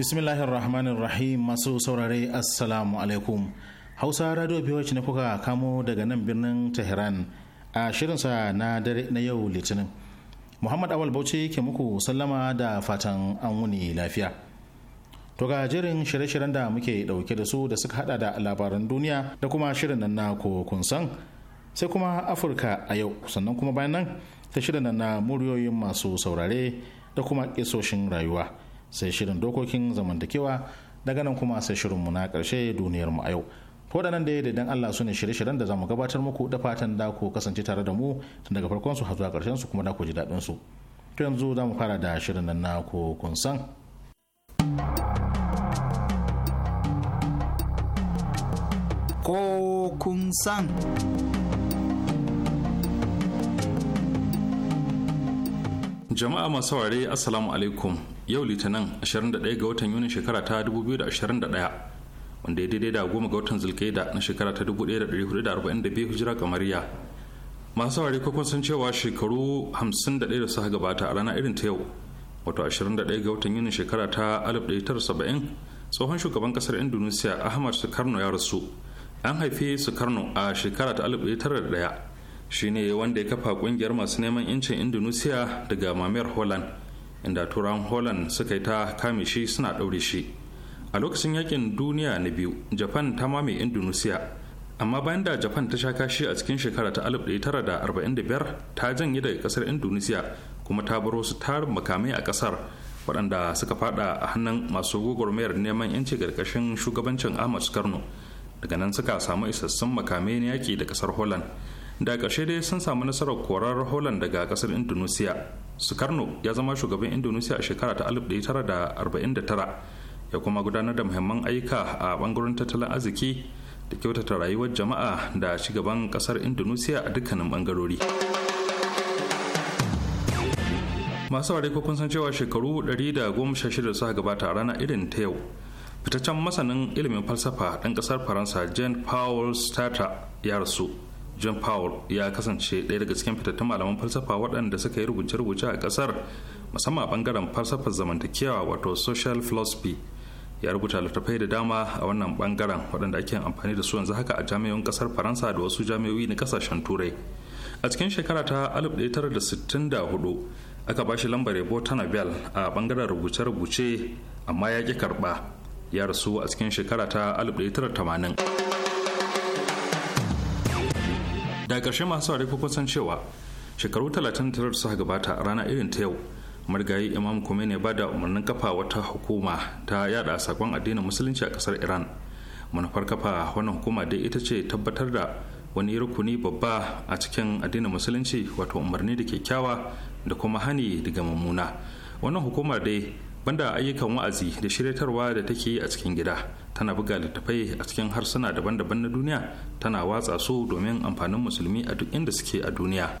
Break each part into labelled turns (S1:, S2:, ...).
S1: bismillahirrahmanirrahim masu saurare assalamu alaikum hausa radio biyoci na kuka kamo daga nan birnin tehran a shirinsa na dare na yau litinin muhammad awal bauchi ke muku sallama da fatan an wuni lafiya to ga jerin shirye-shiryen da muke dauke da su da suka hada da labaran duniya da kuma shirin nan na kun san sai kuma afirka a yau sannan kuma bayan nan ta shirin nan na muryoyin masu saurare da kuma kisoshin rayuwa sai shirin dokokin zamantakewa daga nan kuma sai mu na karshe duniyar mu a yau ko da nan da dan Allah su ne shirye-shiryen da zamu gabatar muku da fatan da ku kasance tare da mu tun daga farkon su har zuwa karshen su kuma da ku ji daɗin su to yanzu za mu fara da shirin nan na ku kun san
S2: ko kun san
S3: jama'a masu ware assalamu alaikum yau litinin 21 ga watan yuni shekara ta 2021 wanda ya daidai da goma ga watan zulkaida na shekara ta 1442 hijira kamariya masu saurari kwakwan sun cewa shekaru 51 da suka gabata a rana irin ta yau wato 21 ga watan yuni shekara ta 1970 tsohon shugaban kasar indonesia ahmad sukarno ya rasu an haife sukarno a shekara ta 1901 shine wanda ya kafa kungiyar masu neman 'yancin indonesia daga mamayar holland inda turan holland suka yi ta kame shi suna ɗaure shi a lokacin yakin duniya na biyu japan ta mame indonesia amma bayan da japan ta sha kashi a cikin shekara ta 1945 ta janye daga kasar indonesia kuma ta baro su tarin makamai a kasar waɗanda suka fada a hannun masu gwagwarmayar neman yanci ƙarƙashin shugabancin ahmad karno daga nan suka samu isassun makamai na yaƙi da kasar holland da ƙarshe dai sun samu nasarar korar holland daga kasar indonesia sukarno ya zama shugaban indonesia a shekara ta 1949 ya kuma gudanar da muhimman ayyuka a bangaren tattalin arziki da kyautata rayuwar jama'a da shugaban kasar indonesia a dukkanin bangarori masu ware kukun san cewa shekaru 116 suka gabata a rana irin ta yau fitaccen masanin ilimin falsafa ɗan ƙasar faransa jean paul starter ya rasu john powell ya kasance ɗaya daga cikin fitattun malaman falsafa waɗanda suka yi rubuce-rubuce a ƙasar musamman a ɓangaren falsafar zamantakewa wato social philosophy ya rubuta littattafai da dama a wannan bangaren waɗanda ake amfani da su yanzu haka a jami'o'in ƙasar faransa da wasu jami'o'i na ƙasashen turai a cikin shekara ta 1964 aka bashi lambar yabo ta nobel a bangaren rubuce-rubuce amma ya ƙi karɓa ya rasu a cikin shekara ta 1980 da ƙarshe masu wari ko san cewa shekaru 39 suka gabata a rana irin ta yau marigayi imam khomeini ba da umarnin kafa wata hukuma ta yada sakon addinin musulunci a kasar iran manufar kafa wannan hukuma dai ita ce tabbatar da wani rukuni babba a cikin addinin musulunci wato umarni da kyakkyawa da kuma hani daga mummuna wannan hukumar dai banda ayyukan wa'azi da shiryatarwa da take yi a cikin gida tana buga littattafai a cikin harsuna daban-daban na duniya tana watsa su domin amfanin musulmi a duk inda suke a duniya.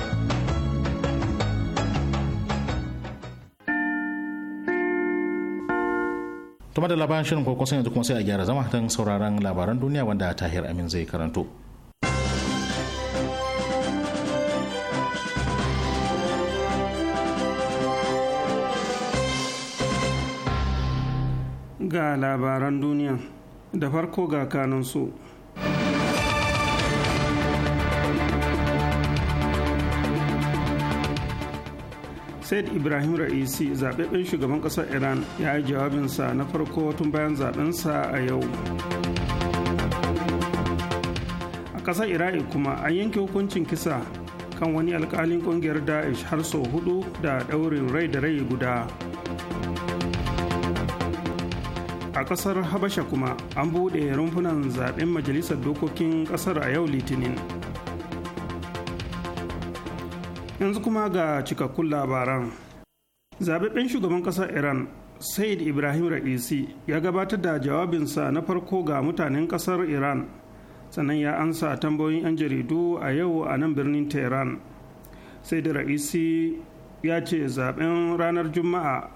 S1: tuma da labaran shirin sai yanzu kuma sai a gyara zama don sauraron labaran duniya wanda tahir amin zai karanto
S2: ga labaran duniya da farko ga kanunsu said ibrahim ra'isi zaɓaɓɓen shugaban ƙasar iran ya yi jawabinsa na farko tun bayan zaɓensa a yau a ƙasar iraki kuma an yanke hukuncin kisa kan wani alkalin ƙungiyar daesh har sau hudu da ɗaurin rai da rai guda a ƙasar habasha kuma an buɗe rumfunan zaɓen majalisar dokokin ƙasar a yau litinin yanzu kuma ga cikakkun labaran zaɓaɓɓen shugaban ƙasar iran said ibrahim ra'isi ya gabatar da jawabinsa na farko ga mutanen ƙasar iran sannan ya ansa tambayoyin 'yan jaridu a yau a nan birnin tehran sai da ra'isi ya ce zaɓen ranar juma'a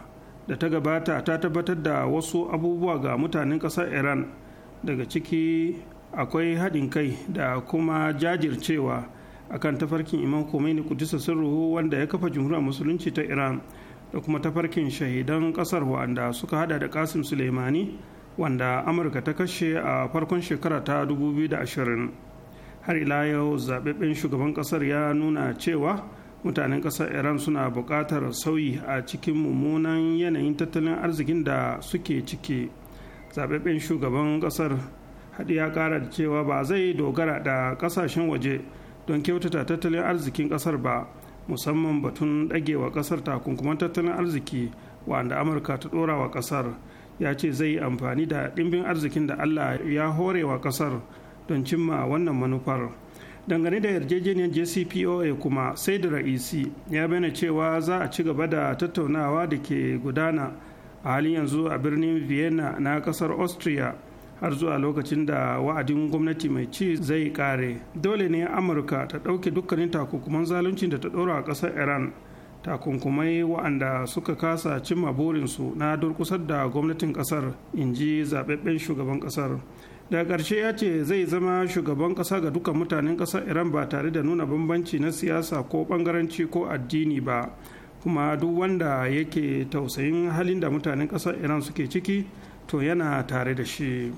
S2: da ta gabata ta tabbatar da wasu abubuwa ga mutanen ƙasar iran daga ciki akwai haɗin kai da kuma jajircewa a kan tafarkin imam Khomeini kudisa sirruhu wanda ya kafa jumhuriyar musulunci ta iran da kuma tafarkin shahidan kasar wanda suka hada da kasim suleimani wanda amurka ta kashe a farkon shekara ta 2020 har ila yau zababben shugaban kasar ya nuna cewa mutanen kasar iran suna buƙatar sauyi a cikin mummunan yanayin tattalin arzikin da suke ciki zababben shugaban kasar hadi ya ƙara da cewa ba zai dogara da ƙasashen waje don kyautata tattalin arzikin kasar ba musamman batun ɗagewa kasar takunkuman tattalin arziki wanda amurka ta dorawa wa kasar ya ce zai yi amfani da ɗimbin arzikin da allah ya hore wa kasar don cimma wannan manufar dangane da yarjejeniyar jcpoa kuma sai da ra'isi ya bayyana cewa za a ci gaba da tattaunawa da ke gudana a halin yanzu a birnin vienna na kasar austria har zuwa lokacin da wa'adin gwamnati mai ci zai kare dole ne amurka ta ɗauke dukkanin takunkuman zaluncin da ta ɗora a ƙasar iran takunkumai wa'anda suka kasa cimma burinsu na durkusar da gwamnatin ƙasar in ji zaɓaɓɓen shugaban ƙasar daga ƙarshe ya ce zai zama shugaban ƙasa ga dukkan mutanen ƙasar iran ba tare da nuna bambanci na siyasa ko ɓangaranci ko addini ba kuma duk wanda yake tausayin halin da mutanen ƙasar iran suke ciki to yana tare da shi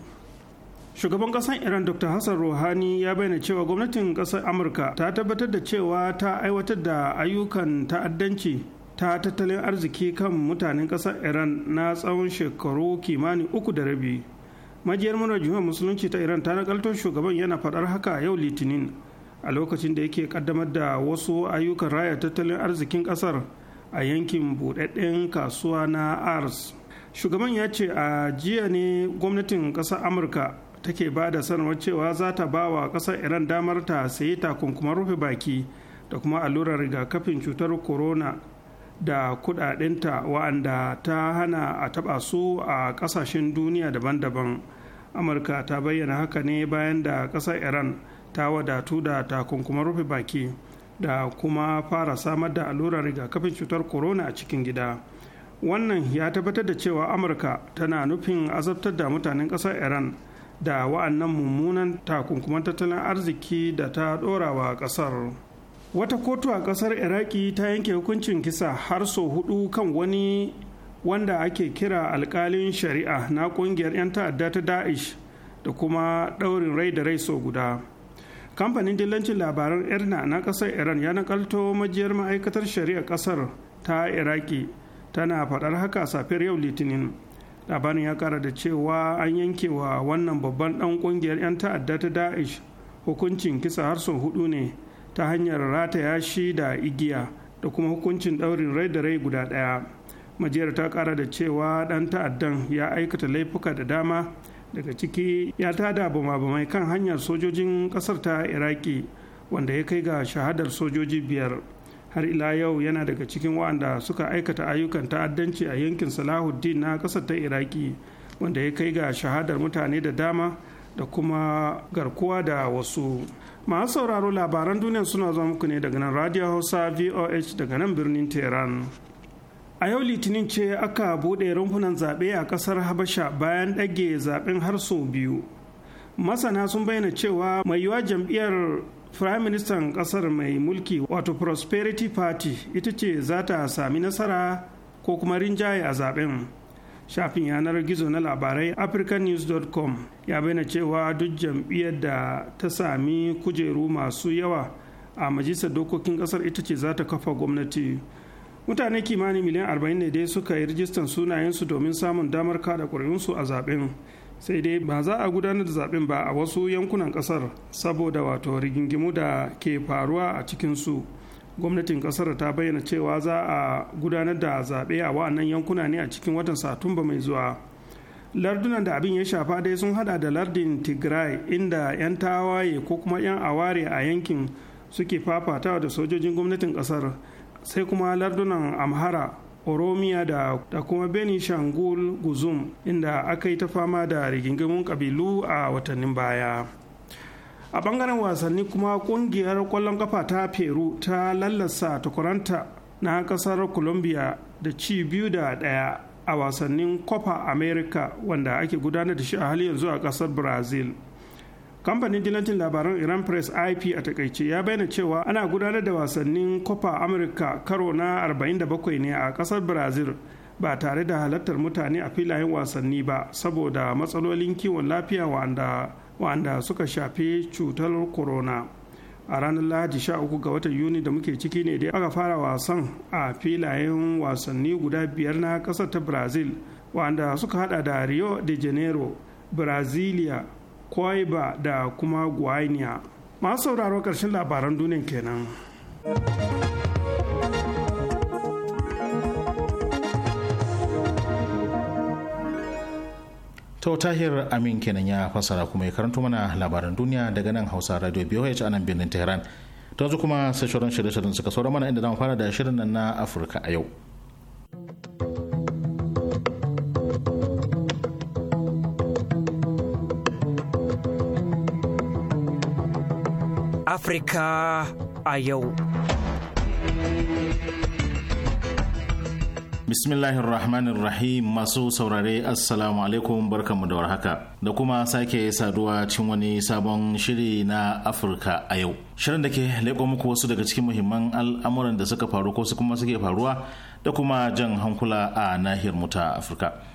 S2: shugaban kasan iran dr hassan rouhani ya bayyana cewa gwamnatin kasar amurka ta tabbatar da cewa ta aiwatar da ayyukan ta'addanci ta tattalin arziki kan mutanen kasar iran na tsawon shekaru kimanin uku da rabi majiyar murar jihar musulunci ta iran ta nakalto shugaban yana faɗar haka yau litinin a lokacin da yake kaddamar da wasu ayyukan raya tattalin arzikin kasar a yankin buɗaɗɗen kasuwa na ars shugaban ya ce a jiya ne gwamnatin ƙasar amurka take ba da sanarwar cewa za ta ba wa ƙasar iran damar ta sayi takunkuman rufe baki da kuma allurar rigakafin cutar corona da kudadinta wa'anda ta hana a taba su a kasashen duniya daban-daban amurka ta bayyana haka ne bayan da kasar iran ta wadatu da takunkuman rufe baki da kuma fara samar da allurar rigakafin cutar corona a cikin gida wannan ya tabbatar da cewa amurka tana nufin azabtar da mutanen ƙasar iran da wa'annan mummunan takunkuman tattalin arziki da ta ɗora wa ƙasar wata kotu a ƙasar iraki ta yanke hukuncin kisa har sau hudu kan wani wanda ake kira alkalin shari'a na ƙungiyar 'yan ta'adda ta da'ish da kuma ɗaurin rai da rai sau guda kamfanin dillancin labaran irna na ƙasar iran ya nakalto majiyar ma'aikatar shari'a ƙasar ta iraki tana faɗar haka safiyar yau litinin labarin ya ƙara da cewa an yanke wa wannan babban ɗan ƙungiyar 'yan ta'adda ta da'ish hukuncin kisa har sau hudu ne ta hanyar rataya shi da igiya da kuma hukuncin ɗaurin rai da rai guda ɗaya majiyar ta kara da cewa ɗan ta'addan ya aikata laifuka da dama daga ciki ya tada bama-bamai kan hanyar sojojin ƙasar ta iraki wanda ya kai ga shahadar sojoji biyar har ila yau yana daga cikin waɗanda suka aikata ayyukan ta'addanci a yankin salahuddin na ƙasar ta iraki wanda ya kai ga shahadar mutane da dama da kuma garkuwa da wasu masu sauraro labaran duniya suna zuwa muku ne daga nan radio hausa voh daga nan birnin tehran a yau litinin ce aka buɗe rumfunan zaɓe a ƙasar habasha bayan ɗage zaɓen har sau biyu masana sun bayyana cewa mai yiwuwa jam'iyyar Prime Ministan kasar mai mulki wato Prosperity Party ita ce za ta sami nasara ko kuma rinjaye a zaben. Shafin yanar gizo na labarai africannews.com ya bayyana cewa duk jam'iyyar da ta sami kujeru masu yawa a majalisar dokokin ƙasar ita ce za ta kafa gwamnati. Mutane kimanin miliyan 40 ne dai suka yi rijistan sunayensu domin samun damar kada ƙuri'unsu a zaben. sai dai ba za a gudanar da zaben ba a wasu yankunan ƙasar saboda wato rigingimu da ke faruwa a cikinsu gwamnatin ƙasar ta bayyana cewa za a gudanar da zaɓe a wa'annan yankuna ne a cikin watan satumba mai zuwa lardunan da abin ya shafa dai sun hada da lardin tigray inda 'yan tawaye ko kuma 'yan aware a yankin suke fafatawa da sojojin gwamnatin ƙasar sai kuma lardunan amhara oromiya da, da kuma shangul guzum inda aka yi ta fama da rigingimun kabilu a watannin baya a bangaren wasanni kuma kungiyar kwallon kafa ta peru ta lallasa takwaranta na kasar colombia da ci biyu da daya a wasannin copa america wanda ake gudanar da shi a hali yanzu a kasar brazil kamfanin dilancin labaran iran press ip a takaice ya bayyana cewa ana gudanar da wasannin copa amurka karo na 47 ne a kasar brazil ba tare da halartar mutane a filayen wasanni ba saboda matsalolin kiwon lafiya wa'anda suka shafi cutar corona a ranar lahadi 13 ga watan yuni da muke ciki ne dai aka fara wasan a filayen wasanni guda biyar na kasar ta brazil wa'anda suka hada da rio de janeiro brasilia kwaiba da kuma guainiya masu sauraro karshen labaran duniya kenan
S1: to tahir amin kenan ya fassara kuma ya karanto mana labaran duniya daga nan hausa radio biyu a nan birnin tehran yanzu kuma sai shirin shirye-shiryen suka saura mana inda zamu fara da shirin nan na afirka a yau
S4: Afrika a yau.
S1: Bismillahir masu saurare Assalamu alaikum barkanmu da warhaka da kuma sake saduwa cikin wani sabon shiri na Afirka a yau. Shirin da ke leƙo muku wasu daga cikin muhimman al'amuran da suka faru ko su kuma suke faruwa da kuma jan hankula a nahiyar mu ta Afirka.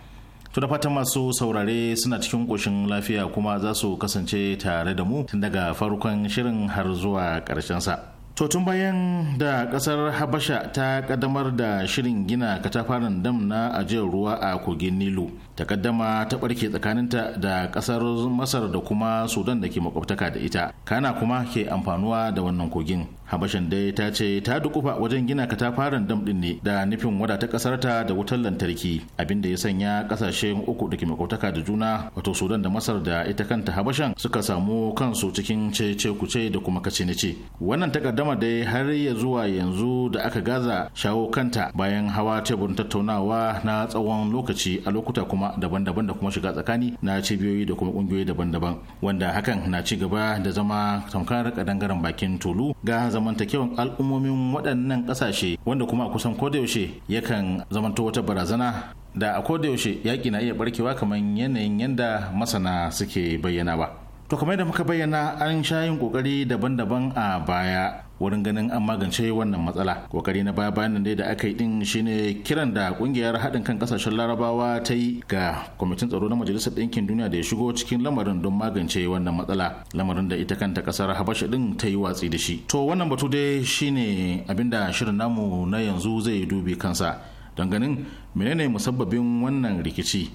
S1: To da fatan masu saurare suna cikin ƙoshin lafiya kuma za su kasance tare da mu tun daga farkon shirin har zuwa sa. To tun bayan da ƙasar Habasha ta ƙaddamar da shirin gina katafaren dam na ajiyar ruwa a kogin Nilu, ƙaddama ta ɓarke tsakaninta da ƙasar Masar da kuma Sudan da ke makwabtaka da ita, kana kuma ke amfanuwa da wannan kogin. habashin dai ta ce ta dukufa wajen gina katafaren dam ɗin ne da nufin wadata kasar ta da wutar lantarki abinda ya sanya kasashen uku da ke makwataka da juna wato sudan da masar da ita kanta habashan suka samu kansu cikin cece kuce da kuma kace ce wannan takaddama dai har ya zuwa yanzu da aka gaza shawo kanta bayan hawa teburin tattaunawa na tsawon lokaci a lokuta kuma daban-daban da kuma shiga tsakani na cibiyoyi da kuma kungiyoyi daban-daban wanda hakan na ci gaba da zama tamkar kadangaren bakin tulu ga zama zamantakewan al'ummomin waɗannan ƙasashe wanda kuma a kusan kodayaushe yakan zamanto wata barazana da a yaushe yaƙi na iya barkewa kamar yanayin yadda masana suke bayyana ba. To kamar da muka bayyana an sha yin kokari daban-daban a baya wurin ganin an magance wannan matsala. Kokari na baya bayan nan da aka yi din shine kiran da kungiyar haɗin kan kasashen Larabawa ta yi ga kwamitin tsaro na Majalisar Ɗinkin Duniya da ya shigo cikin lamarin don magance wannan matsala. Lamarin da ita kanta kasar Habasha din ta yi watsi da shi. To wannan batu dai shine abinda shirin namu na yanzu zai dubi kansa. Don ganin menene musabbabin wannan rikici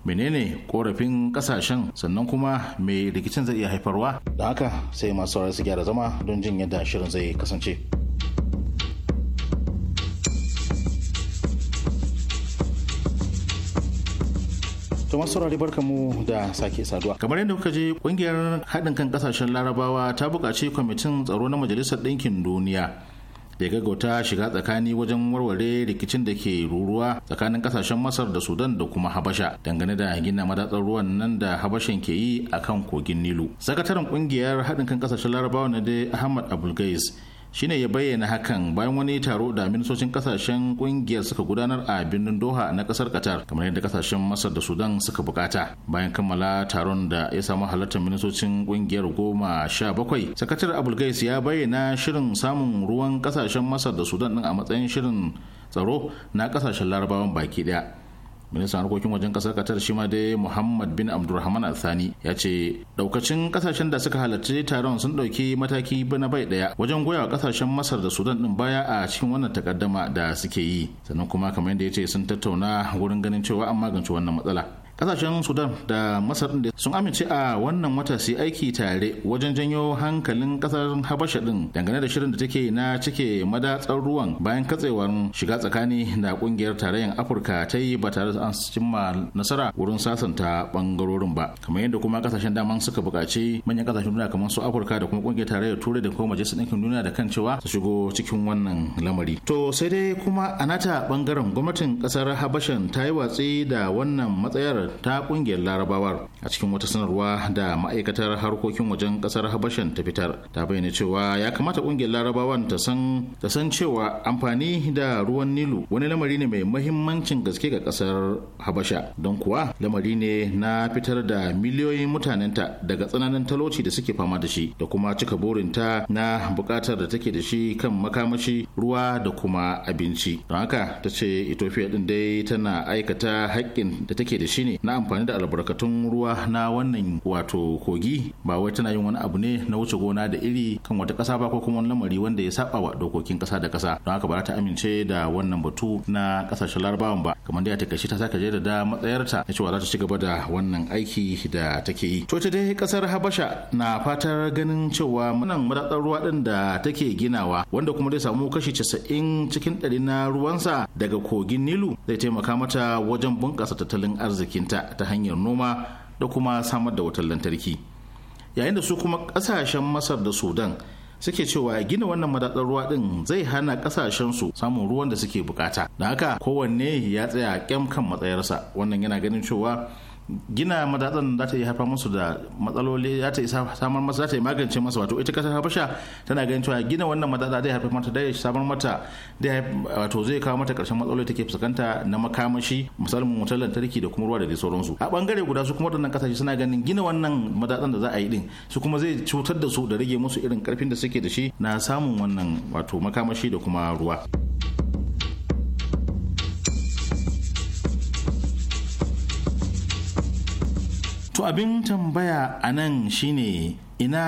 S1: menene korafin kasashen sannan kuma mai rikicin zai iya haifarwa da haka sai masu saurari su gyara zama don jin yadda shirin zai kasance Tumar saurari barka mu da sake saduwa kamar yadda kuka je kungiyar haɗin kan kasashen larabawa ta buƙaci kwamitin tsaro na majalisar ɗinkin duniya da ya gaggauta shiga tsakani wajen warware rikicin da ke ruruwa tsakanin kasashen masar da sudan da kuma habasha dangane da gina madatsar ruwan nan da habashan ke yi a kan kogin nilu sakataren kungiyar haɗin kan kasashen larabawa na dai ahmad abulgais shine ya bayyana hakan bayan wani taro da ministocin kasashen kungiyar suka gudanar a birnin doha na kasar qatar kamar yadda kasashen masar da sudan suka bukata bayan kammala taron da ya samu halartar ministocin kungiyar goma sha bakwai sakatar abulgais ya bayyana shirin samun ruwan kasashen masar da sudan din a matsayin shirin tsaro na kasashen larabawan baki daya ministan harkokin wajen kasar qatar shi ma dai muhammad bin abdulrahman althani ya ce daukacin kasashen da suka halarci taron sun dauki mataki na bai daya wajen goya kasashen masar da sudan din baya a cikin wannan takaddama da suke yi sannan kuma kamar yadda ya ce sun tattauna wurin ganin cewa an magance wannan matsala kasashen sudan da masar da sun amince a wannan wata su aiki tare wajen janyo hankalin kasar habasha din dangane da shirin da take na cike madatsar ruwan bayan katsewar shiga tsakani da kungiyar tarayyar afirka ta yi ba tare da an cimma nasara wurin sasanta bangarorin ba kamar yadda kuma kasashen daman suka buƙaci manyan kasashen duniya kamar su afirka da kuma kungiyar tarayyar turai da kuma majalisar ɗinkin duniya da kan cewa su shigo cikin wannan lamari to sai dai kuma a nata bangaren gwamnatin kasar habashan ta yi watsi da wannan matsayar ta kungiyar larabawar a cikin wata sanarwa da ma'aikatar harkokin wajen kasar habashan ta fitar ta bayyana cewa ya kamata kungiyar larabawan ta san ta san cewa amfani da ruwan nilu wani lamari ne mai mahimmancin gaske ga kasar habasha don kuwa lamari ne na fitar da miliyoyin mutanenta daga tsananin talauci da suke fama da shi da kuma cika burinta na bukatar da take da shi kan makamashi ruwa da kuma abinci don haka ta ce ethiopia din dai tana aikata haƙƙin da take da shi ne na amfani da albarkatun ruwa na wannan wato kogi ba wai tana yin wani abu ne na wuce gona da iri kan wata kasa ba ko kuma wani lamari wanda ya saba wa dokokin kasa da kasa don haka ba za ta amince da wannan batu na ƙasashen larabawan ba kamar da ta takaici ta saka da matsayarta na cewa za ta ci gaba da wannan aiki da take yi to ita dai kasar habasha na fatar ganin cewa munan madatsar ruwa din da take ginawa wanda kuma zai samu kashi casa'in cikin ɗari na ruwansa daga kogin nilu zai taimaka mata wajen bunƙasa tattalin arzikin ta ta hanyar noma da kuma samar da wutar lantarki yayin da su kuma kasashen masar da sudan suke cewa gina wannan madatsar ruwa din zai hana kasashen su samun ruwan da suke bukata da haka kowanne ya tsaya kyam kan matsayarsa wannan yana ganin cewa gina madatsan za ta yi haifar musu da matsaloli za ta yi samar masa za ta yi magance masa wato ita kasar habasha tana ganin cewa gina wannan madatsa zai haifar mata da samar mata da wato zai kawo mata karshen matsaloli take fuskanta na makamashi musamman wutar lantarki da kuma ruwa da dai sauransu a bangare guda su kuma wadannan kasashe suna ganin gina wannan madatsan da za a yi din su kuma zai cutar da su da rage musu irin karfin da suke da shi na samun wannan wato makamashi da kuma ruwa. to abin tambaya a nan shine ina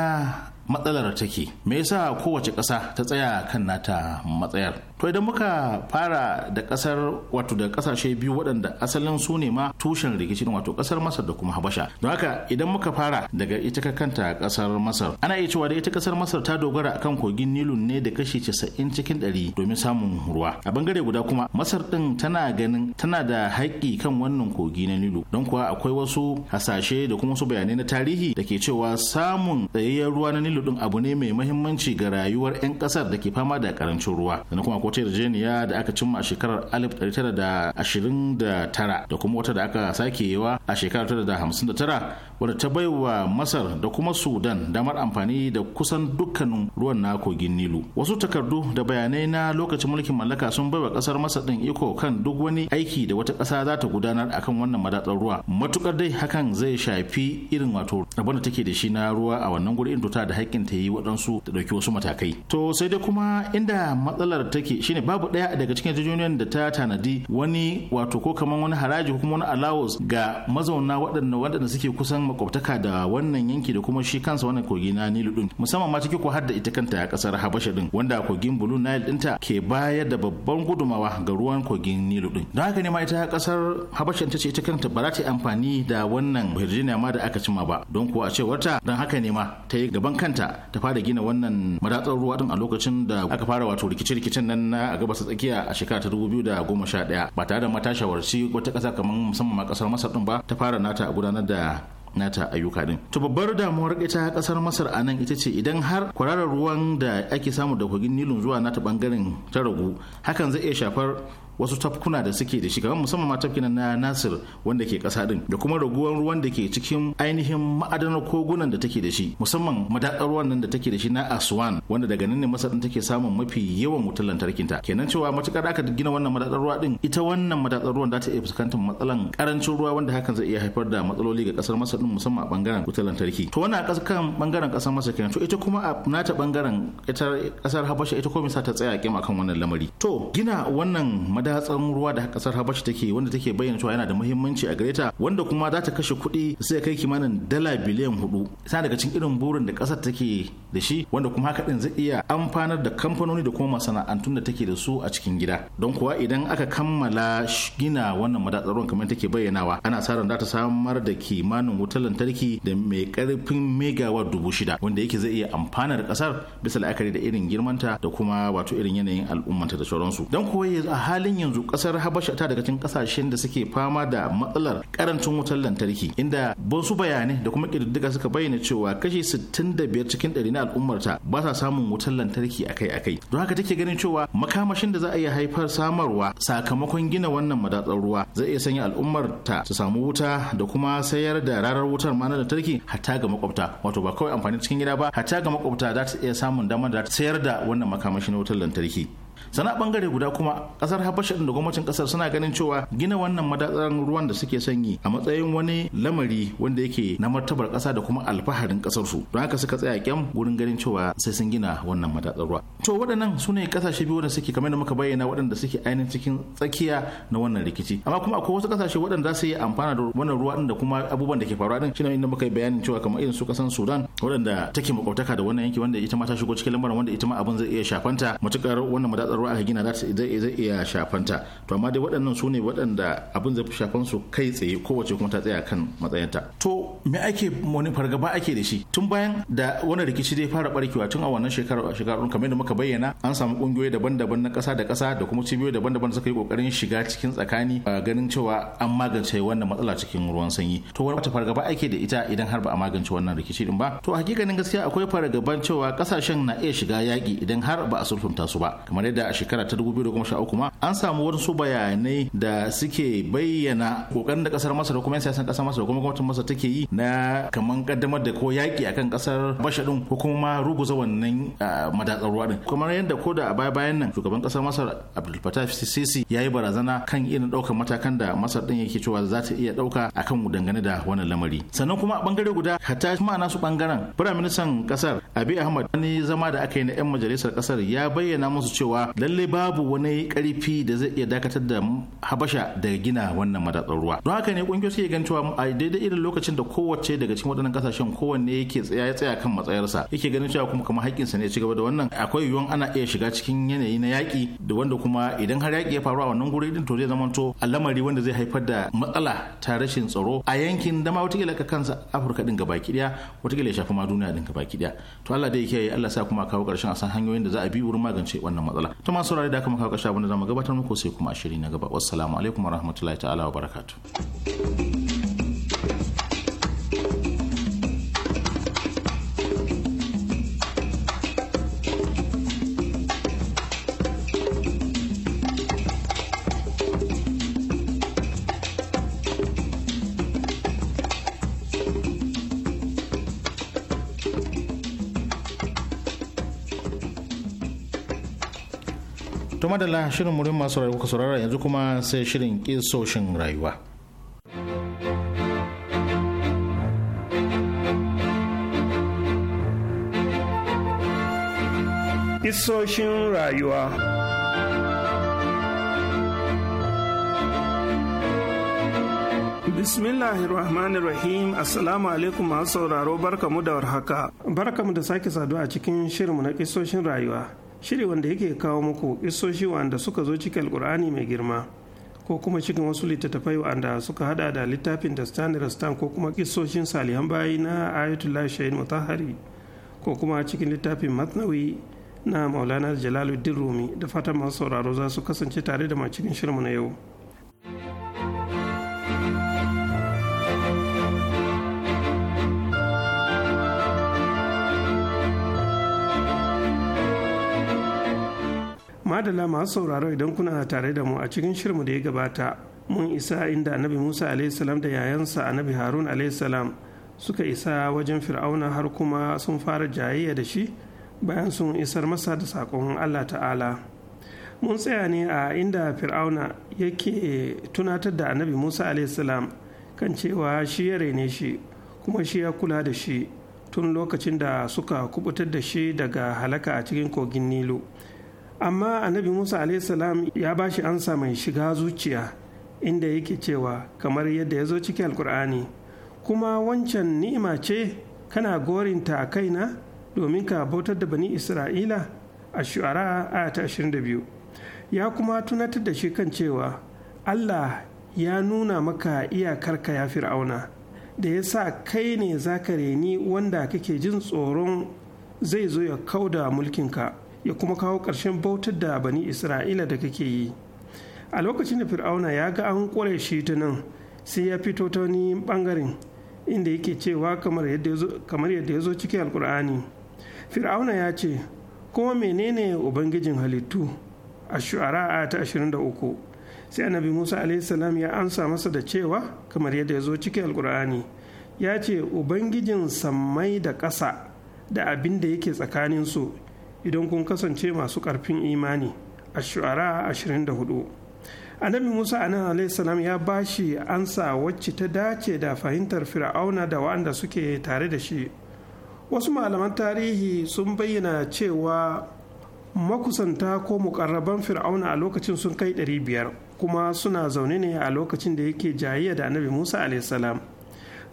S1: matsalar take me yasa kowace ƙasa ta tsaya kan nata matsayar to idan muka fara da kasar wato da kasashe biyu waɗanda asalin su ne ma tushen rikicin wato kasar masar da kuma habasha don haka idan muka fara daga ita kanta kasar masar ana iya cewa da ita kasar masar ta dogara akan kogin nilu ne da kashi casa'in cikin ɗari domin samun ruwa a bangare guda kuma masar ɗin tana ganin tana da haƙƙi kan wannan kogi na nilu don kuwa akwai wasu hasashe da kuma wasu bayanai na tarihi da ke cewa samun tsayayyen ruwa na nilu ɗin abu ne mai mahimmanci ga rayuwar 'yan kasar da ke fama da karancin ruwa wata yarjejeniya da aka cimma a shekarar 1929 da kuma wata da aka sake yawa a shekarar 1959 wadda ta baiwa Masar da kuma Sudan damar amfani da kusan dukkanin ruwan na kogin Nilu. Wasu takardu da bayanai na lokacin mulkin mallaka sun baiwa kasar Masar din iko kan duk wani aiki da wata kasa za ta gudanar akan wannan madatsar ruwa. Matukar dai hakan zai shafi irin wato abin da take da shi na ruwa a wannan guri in ta da haƙƙin ta yi waɗansu da ɗauki wasu matakai. To sai dai kuma inda matsalar take shine babu ɗaya daga cikin yarjejeniyar da ta tanadi wani wato ko kamar wani haraji ko kuma wani allowance ga mazauna waɗanda waɗanda suke kusan makwabtaka da wannan yanki da kuma shi kansa wannan kogi na Nilu din musamman ma cikin ko har da ita kanta kasar Habasha din wanda kogin Blue Nile dinta ke bayar da babban gudumawa ga ruwan kogin Nilu din don haka ne ma ita kasar Habasha ta ce ita kanta ba za ta yi amfani da wannan Virginia ma da aka cima ba don kuwa cewar ta don haka ne ma ta yi gaban kanta ta fara gina wannan madatsar ruwa din a lokacin da aka fara wato rikice-rikicen nan nan na a gabas tsakiya a shekara ta 2011 ba tare da mata shawarci wata kasa kamar musamman ma kasar Masar din ba ta fara nata a gudanar da nata ayyuka din. To babbar damuwar ita kasar Masar a nan ita ce idan har kwararar ruwan da ake samu da kogin Nilun zuwa nata bangaren ta ragu hakan zai iya shafar wasu tafkuna da suke da shi kamar musamman ma tafkin na Nasir wanda ke kasa din da kuma raguwar ruwan da ke cikin ainihin ma'adanar kogunan da take da shi musamman madakar ruwan nan da take da shi na Aswan wanda daga nan ne Masar din take samun mafi yawan wutar lantarkin ta kenan cewa matukar aka gina wannan madakar ruwa din ita wannan madakar ruwan da ta iya fuskantar matsalan karancin ruwa wanda hakan zai iya haifar da matsaloli ga kasar Masar din musamman a bangaren wutar lantarki to wannan a kan bangaren kasar Masar kenan to ita kuma a nata bangaren ita kasar Habasha ita komai sa ta tsaya kima kan wannan lamari to gina wannan ta ruwa da kasar habasha take wanda take bayyana cewa yana da muhimmanci a gareta wanda kuma za ta kashe kuɗi sai kai kimanin dala biliyan hudu tana daga cikin irin burin da kasar take da shi wanda kuma haka din zai iya amfanar da kamfanoni da kuma masana'antun da take da su a cikin gida don kuwa idan aka kammala gina wannan madatsarwan kamar take bayyanawa ana sa ran za ta samar da kimanin wutar lantarki da mai karfin megawatt dubu shida wanda yake zai iya amfanar kasar bisa la'akari da irin girmanta da kuma wato irin yanayin al'ummanta da sauransu don kuwa a halin halin yanzu kasar habasha ta daga cikin kasashen da suke fama da matsalar karancin wutar lantarki inda bansu bayanai da kuma kididdiga suka bayyana cewa kashi 65 cikin dari na al'ummarta ba sa samun wutar lantarki akai-akai don haka take ganin cewa makamashin da za a iya haifar samarwa sakamakon gina wannan madatsar ruwa zai iya sanya al'ummar ta su samu wuta da kuma sayar da rarar wutar mana na lantarki hatta ga makwabta wato ba kawai amfani cikin gida ba hatta ga makwabta za ta iya samun damar da sayar da wannan makamashin wutar lantarki sana bangare guda kuma kasar habasha da gwamnatin kasar suna ganin cewa gina wannan madatsaran ruwan da suke sanyi a matsayin wani lamari wanda yake na martabar kasa da kuma alfaharin kasar su don haka suka tsaya kyam gurin ganin cewa sai sun gina wannan madatsar ruwa to waɗannan su ne kasashe biyu da suke kamar da muka bayyana waɗanda suke ainihin cikin tsakiya na wannan rikici amma kuma akwai wasu kasashe waɗanda za su yi amfana da wannan ruwa din da kuma abubuwan da ke faruwa din shine inda muka yi bayanin cewa kamar irin su kasan Sudan waɗanda take makwabtaka da wannan yanki wanda ita ma ta shigo cikin lamarin wanda ita ma abin zai iya shafanta matukar wannan madatsar ruwa aka gina zai iya shafanta to amma dai waɗannan su ne waɗanda abin zai fi shafan su kai tsaye kowace kuma ta tsaya kan matsayinta to me ake wani fargaba ake da shi tun bayan da wani rikici zai fara barkewa tun a wannan shekarun kamar da muka bayyana an samu kungiyoyi daban-daban na ƙasa da ƙasa da kuma cibiyoyi daban-daban suka yi ƙoƙarin shiga cikin tsakani a ganin cewa an magance wannan matsala cikin ruwan sanyi to wata fargaba ake da ita idan har ba a magance wannan rikici din ba to hakikanin gaskiya akwai fargaban cewa ƙasashen na iya shiga yaƙi idan har ba a sulfunta su ba kamar yadda da a shekara ta 2013 ma an samu wasu bayanai da suke bayyana kokarin da kasar Masar kuma siyasan kasar Masar kuma gwamnatin Masar take yi na kaman kaddamar da ko yaki akan kasar Bashar din ko kuma ruguza wannan madatsar ruwa din kamar yadda ko da baya bayan nan shugaban kasar Masar Abdul Sisi Sisi yi barazana kan irin daukar matakan da Masar din yake cewa za ta iya dauka akan dangane da wannan lamari sannan kuma a bangare guda hatta ma su bangaren firaministan kasar abi ahmad wani zama da aka yi na 'yan majalisar kasar ya bayyana musu cewa lalle babu wani karfi da zai iya dakatar da habasha daga gina wannan madatsar ruwa don haka ne kungiyoyi suke gan cewa a daidai irin lokacin da kowace daga cikin waɗannan kasashen kowanne yake tsaya ya tsaya kan matsayarsa yake ganin cewa kuma kamar haƙƙinsa ne ya ci gaba da wannan akwai yiwuwan ana iya shiga cikin yanayi na yaƙi da wanda kuma idan har yaƙi ya faru a wannan guri din to zai zamanto al'amari wanda zai haifar da matsala ta rashin tsaro a yankin dama kila ka kansa afirka din gabaki daya kila ya shafi ma duniya din gabaki daya to Allah dai yake Allah sa kuma kawo karshen a san hanyoyin da za a bi wurin magance wannan matsala to masu saurare da kuma kawo karshen abin da zamu gabatar muku sai kuma a shiri na gaba wassalamu alaikum warahmatullahi ta'ala wabarakatuh to madalla shirin murin masu rayuwa ka saurara yanzu kuma sai shirin kisoshin rayuwa
S2: Isoshin rayuwa Bismillahirrahmanirrahim Assalamu alaikum masu sauraro barkamu da warhaka. Barkamu da sake saduwa a cikin shirinmu na kisoshin rayuwa. shiri wanda yake kawo muku isoshi wanda suka zo cikin alkur'ani mai girma ko kuma cikin wasu littattafai wanda suka hada da littafin da stanley stan ko kuma isoshin salihan bayi na ayatollah shahid mutahari ko kuma cikin littafin matnawi na maulana jalaluddin rumi da fatan masu sauraro za su kasance tare da cikin shirmu na yau. madala masu sauraro idan kuna tare da mu a cikin shirmu da ya gabata mun isa inda annabi musa alaihissalam da yayansa annabi harun alaihissalam suka isa wajen fir'auna har kuma sun fara jayayya da shi bayan sun isar masa da saƙon allah ta'ala mun tsaya ne a inda fir'auna yake tunatar da annabi musa alaihissalam kan cewa shi ya rene shi kuma shi ya kula da shi tun lokacin da suka kubutar da shi daga halaka a cikin kogin nilu amma annabi musa salam ya ba shi ansa mai shiga zuciya inda yake cewa kamar yadda ya zo cikin alkur'ani kuma wancan ni'ima ce kana gorinta a kaina domin ka bautar da bani isra'ila a shu'ara a 22 ya kuma tunatar da shi kan cewa allah ya nuna maka iyakar ka ya fir'auna da ya sa kai ne za ka reni wanda kake jin tsoron zai zo ya kauda mulkinka ya kuma kawo ƙarshen bautar da bani isra'ila da kake yi a lokacin da fir'auna ya ga an ƙware shi ta nan sai ya fito ta wani ɓangaren inda yake cewa kamar yadda ya zo cikin alkur'ani fir'auna ya ce kuma menene ubangijin halittu a shu'ara a ta 23 sai annabi musa salam ya amsa masa da cewa kamar yadda ya zo cikin alkur'ani ya ce ubangijin sammai da ƙasa da abin da yake tsakaninsu idan kun kasance masu ƙarfin imani a shu'ara 24 annabi musa anan salam ya bashi ansa wacce ta dace da fahimtar fir'auna da waɗanda suke tare da shi wasu malaman tarihi sun bayyana cewa makusanta ko mukarraban fir'auna a lokacin sun kai 500 kuma suna zaune ne a lokacin da yake jayayya da annabi musa salam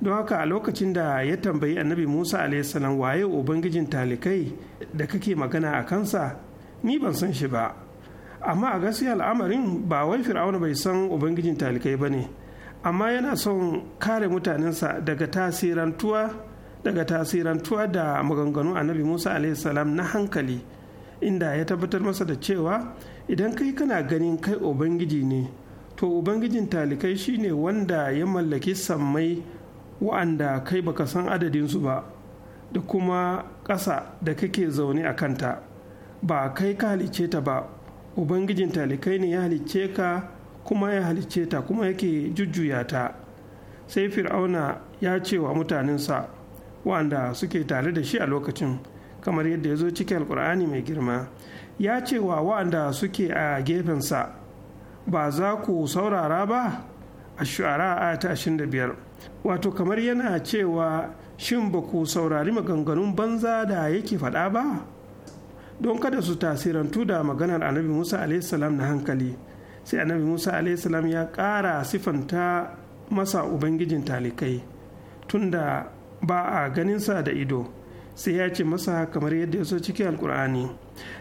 S2: don haka a lokacin da ya tambayi annabi musa salam waye ubangijin talikai da kake magana a kansa ni ban san shi ba amma a gaskiya al'amarin ba wai fir'auna bai san ubangijin talikai ba ne amma yana son kare mutanensa daga tasirantuwa daga tasirantuwa da maganganu annabi musa salam na hankali inda ya tabbatar masa da cewa idan kai kana ganin kai ubangiji ne to ubangijin talikai shine wanda ya mallaki sammai wa'anda kai baka san adadinsu ba da kuma ƙasa da kake zaune a kanta ba kai ka halicce ta ba ubangijin talikai ne ya halicce ka kuma ya halicce ta kuma yake jujjuya ta sai fir'auna ya ce wa mutanensa wa'anda suke tare da shi a lokacin kamar yadda ya zo cikin alkur'ani mai girma ya ce wa wa'anda suke a gefensa ba za ku saurara ba a shu'ara a ta biyar. wato kamar yana cewa shin ba ku saurari maganganun banza da yake faɗa ba don kada su tasirantu da maganar annabi musa alaihissalam na hankali sai annabi musa alaihissalam ya ƙara sifanta masa ubangijin talikai tunda ba a ganinsa da ido sai ya ce masa kamar yadda ya so cikin alkur'ani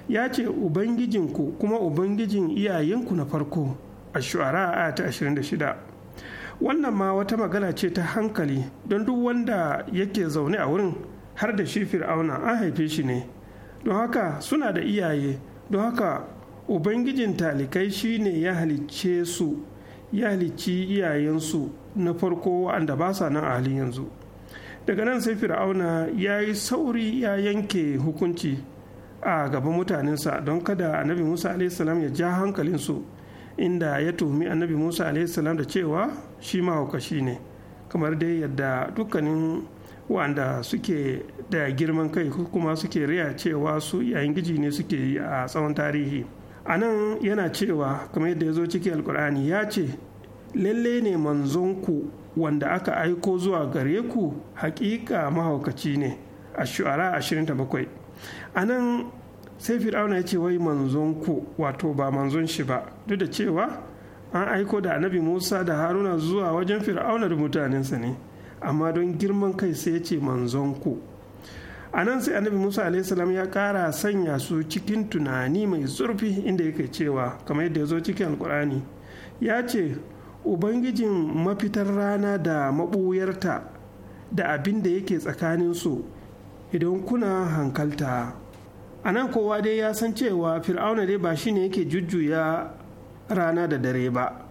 S2: ya ce ubangijinku kuma ubangijin iyayenku na farko a shu'ara ta 26 wannan ma wata magana ce ta hankali don duk wanda yake zaune a wurin har da shi fir'auna an haife shi ne don haka suna da iyaye don haka ubangijin talikai shi ne ya halicce su ya halicci iyayensu na farko wa'anda ba sa nan a halin yanzu daga nan sai fir'auna ya yi sauri ya yanke hukunci a gaban mutanensa don kada annabi musa salam ya ja hankalinsu inda ya tuhumi annabi musa salam da cewa shi mahaukaci ne kamar dai yadda dukkanin wanda suke da girman kai kuma suke riya cewa su yayin giji ne suke yi a tsawon tarihi a nan yana cewa kamar yadda ya zo cikin alkur'ani ya ce lalle ne manzonku wanda aka aiko zuwa gare ku hakika mahaukaci ne a shu'ara 27 a nan sai fir'auna ya ce wai manzon ku wato ba manzon shi ba duk da cewa an aiko da annabi musa da haruna zuwa wajen fir'auna da mutanensa ne amma don girman kai sai ya ce manzon ku a nan sai annabi musa alaihissalam ya kara sanya su cikin tunani mai zurfi inda yake cewa kamar yadda ya zo cikin alkurani ya ce ubangijin mafitar rana da mabuyarta da abin da yake tsakaninsu idan kuna hankalta a nan kowa dai ya san cewa fir'auna dai ba shine yake jujjuya rana da dare ba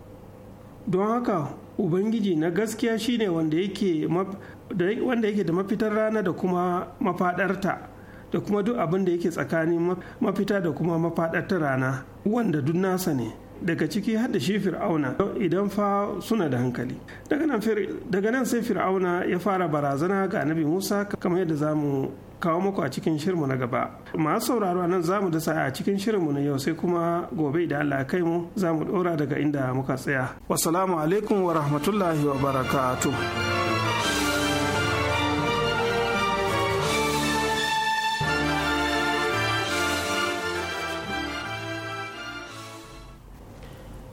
S2: don haka ubangiji na gaskiya shi wanda yake wanda yake da mafitar rana da kuma mafadarta da kuma duk abin da yake tsakanin mafita da kuma mafadar rana wanda duk nasa ne daga ciki har da shi fir'auna idan fa suna da hankali daga nan sai fir'auna ya fara barazana ga annabi musa kamar yadda za mu kawo muku a cikin shirinmu na gaba masu sauraro nan za mu dasa a cikin shirinmu na yau sai kuma gobe da Allah kai mu za mu dora daga inda muka tsaya wasalamu alaikum wa rahmatullahi wa barakatuh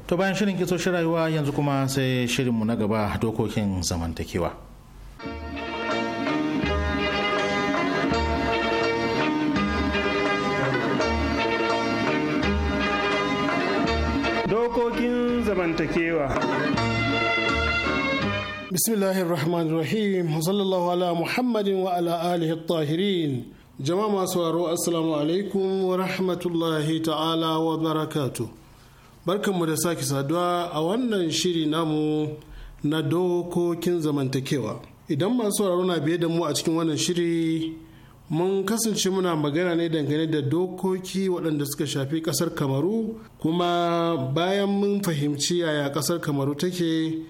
S1: To bayan shirin kitso rayuwa yanzu kuma sai shirinmu na gaba dokokin zamantakewa.
S2: dokokin zamantakewa
S5: bismillahir rahmanir rahim sallallahu ala muhammadin wa ala alihi tahirin jama'a masu waro assalamu alaikum wa rahmatullahi ta'ala wa barakatu barkanmu da sake saduwa a wannan shiri namu na dokokin zamantakewa idan masu sauraro na biye da mu a cikin wannan shiri mun kasance muna magana ne dangane da dokoki waɗanda suka shafi ƙasar kamaru kuma bayan mun fahimci yaya ƙasar kamaru take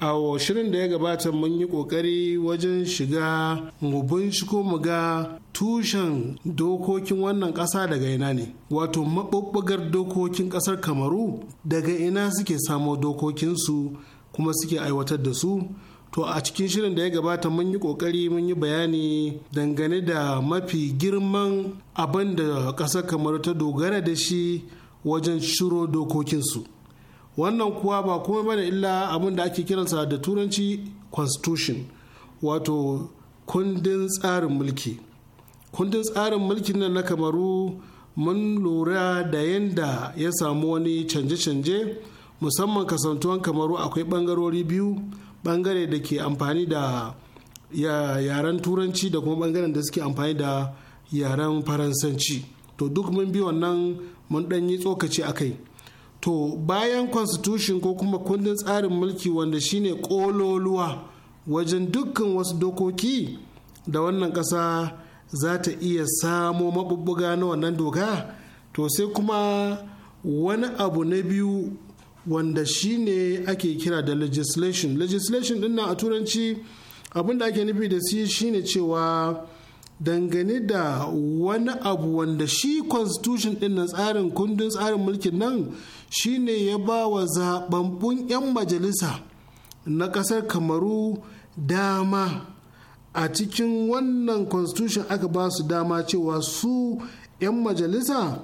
S5: a shirin da ya gabata mun yi ƙoƙari wajen shiga mu binciko mu ga tushen dokokin wannan ƙasa daga ina ne wato maɓuɓɓugar dokokin ƙasar kamaru daga ina suke samo dokokinsu kuma suke aiwatar da su To a cikin shirin da ya gabata mun yi kokari mun yi bayani dangane da mafi girman abin da ƙasar kamar ta dogara da shi wajen shiro dokokinsu. Wannan kuwa ba kuma bane illa abin da ake kiransa da turanci constitution wato kundin tsarin mulki. Kundin tsarin mulkin nan na kamaru mun lura da yadda ya samu wani canje-canje musamman kasantuwan kamaru akwai bangarori biyu. bangare da ke amfani da yaren turanci da kuma bangaren da suke amfani da yaren faransanci to duk mun bi wannan mun dan yi tsokaci a kai to bayan constitution ko kuma kundin tsarin mulki wanda shine kololuwa wajen dukkan wasu dokoki da wannan ƙasa za ta iya samo maɓuɓɓuga na wannan doka to sai kuma wani abu na biyu wanda shi ne ake kira da legislation legislation din na a turanci abin da ake nufi da shi shine cewa dangane da wani abu wanda shi constitution din na tsarin kundin tsarin mulkin nan shine ya ba wa zababbun 'yan majalisa na ƙasar kamaru dama a cikin wannan constitution aka ba su dama cewa su 'yan majalisa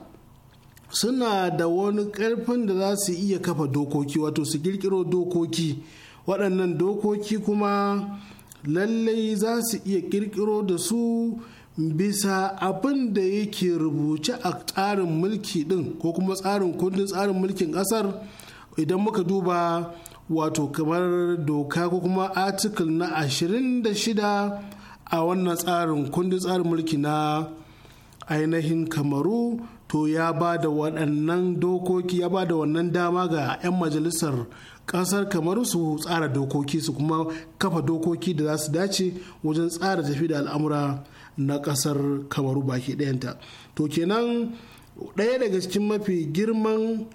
S5: suna da wani ƙarfin da za su iya kafa dokoki wato su ƙirƙiro dokoki waɗannan dokoki kuma lallai za su iya ƙirƙiro da su bisa abin da yake rubuce a tsarin mulki ɗin ko kuma tsarin kundin tsarin mulkin ƙasar idan muka duba wato kamar doka ko kuma article na 26 a wannan tsarin kundin tsarin mulki na ainihin kamaru to ya ba da waɗannan dokoki ya ba da wannan dama ga 'yan majalisar ƙasar kamar su tsara dokoki su kuma kafa dokoki da za su dace wajen tsara tafi da al'amura na ƙasar kamaru baki ɗayanta to kenan ɗaya daga cikin mafi girman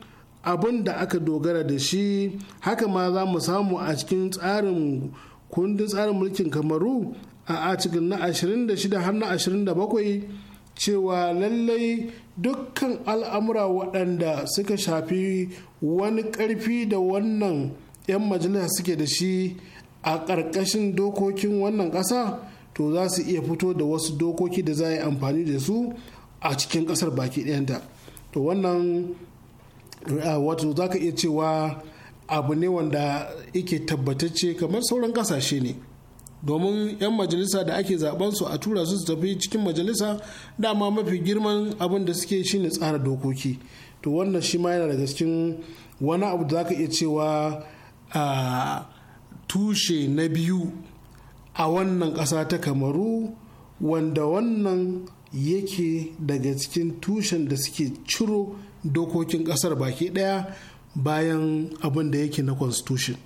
S5: abin da aka dogara da shi haka ma za mu samu a cikin tsarin kundin tsarin mulkin kamaru a cikin na 26 har na 27 cewa lallai dukkan al'amura waɗanda suka shafi wani ƙarfi da wannan 'yan majalisa suke da shi a ƙarƙashin dokokin wannan ƙasa to za su iya fito da wasu dokoki da za a yi amfani da su a cikin ƙasar baki ɗayanta to wannan wato za ka iya cewa abu ne wanda yake tabbatacce kamar sauran ƙasashe ne domin 'yan majalisa da ake zaben su a tura su su tafi cikin majalisa dama mafi girman abin da suke shine tsara dokoki to wannan shi ma yana daga cikin wani abu da zaka iya cewa a tushe na biyu a wannan ƙasa ta kamaru wanda wannan yake daga cikin tushen da suke ciro dokokin ƙasar baki ɗaya bayan abin da yake na constitution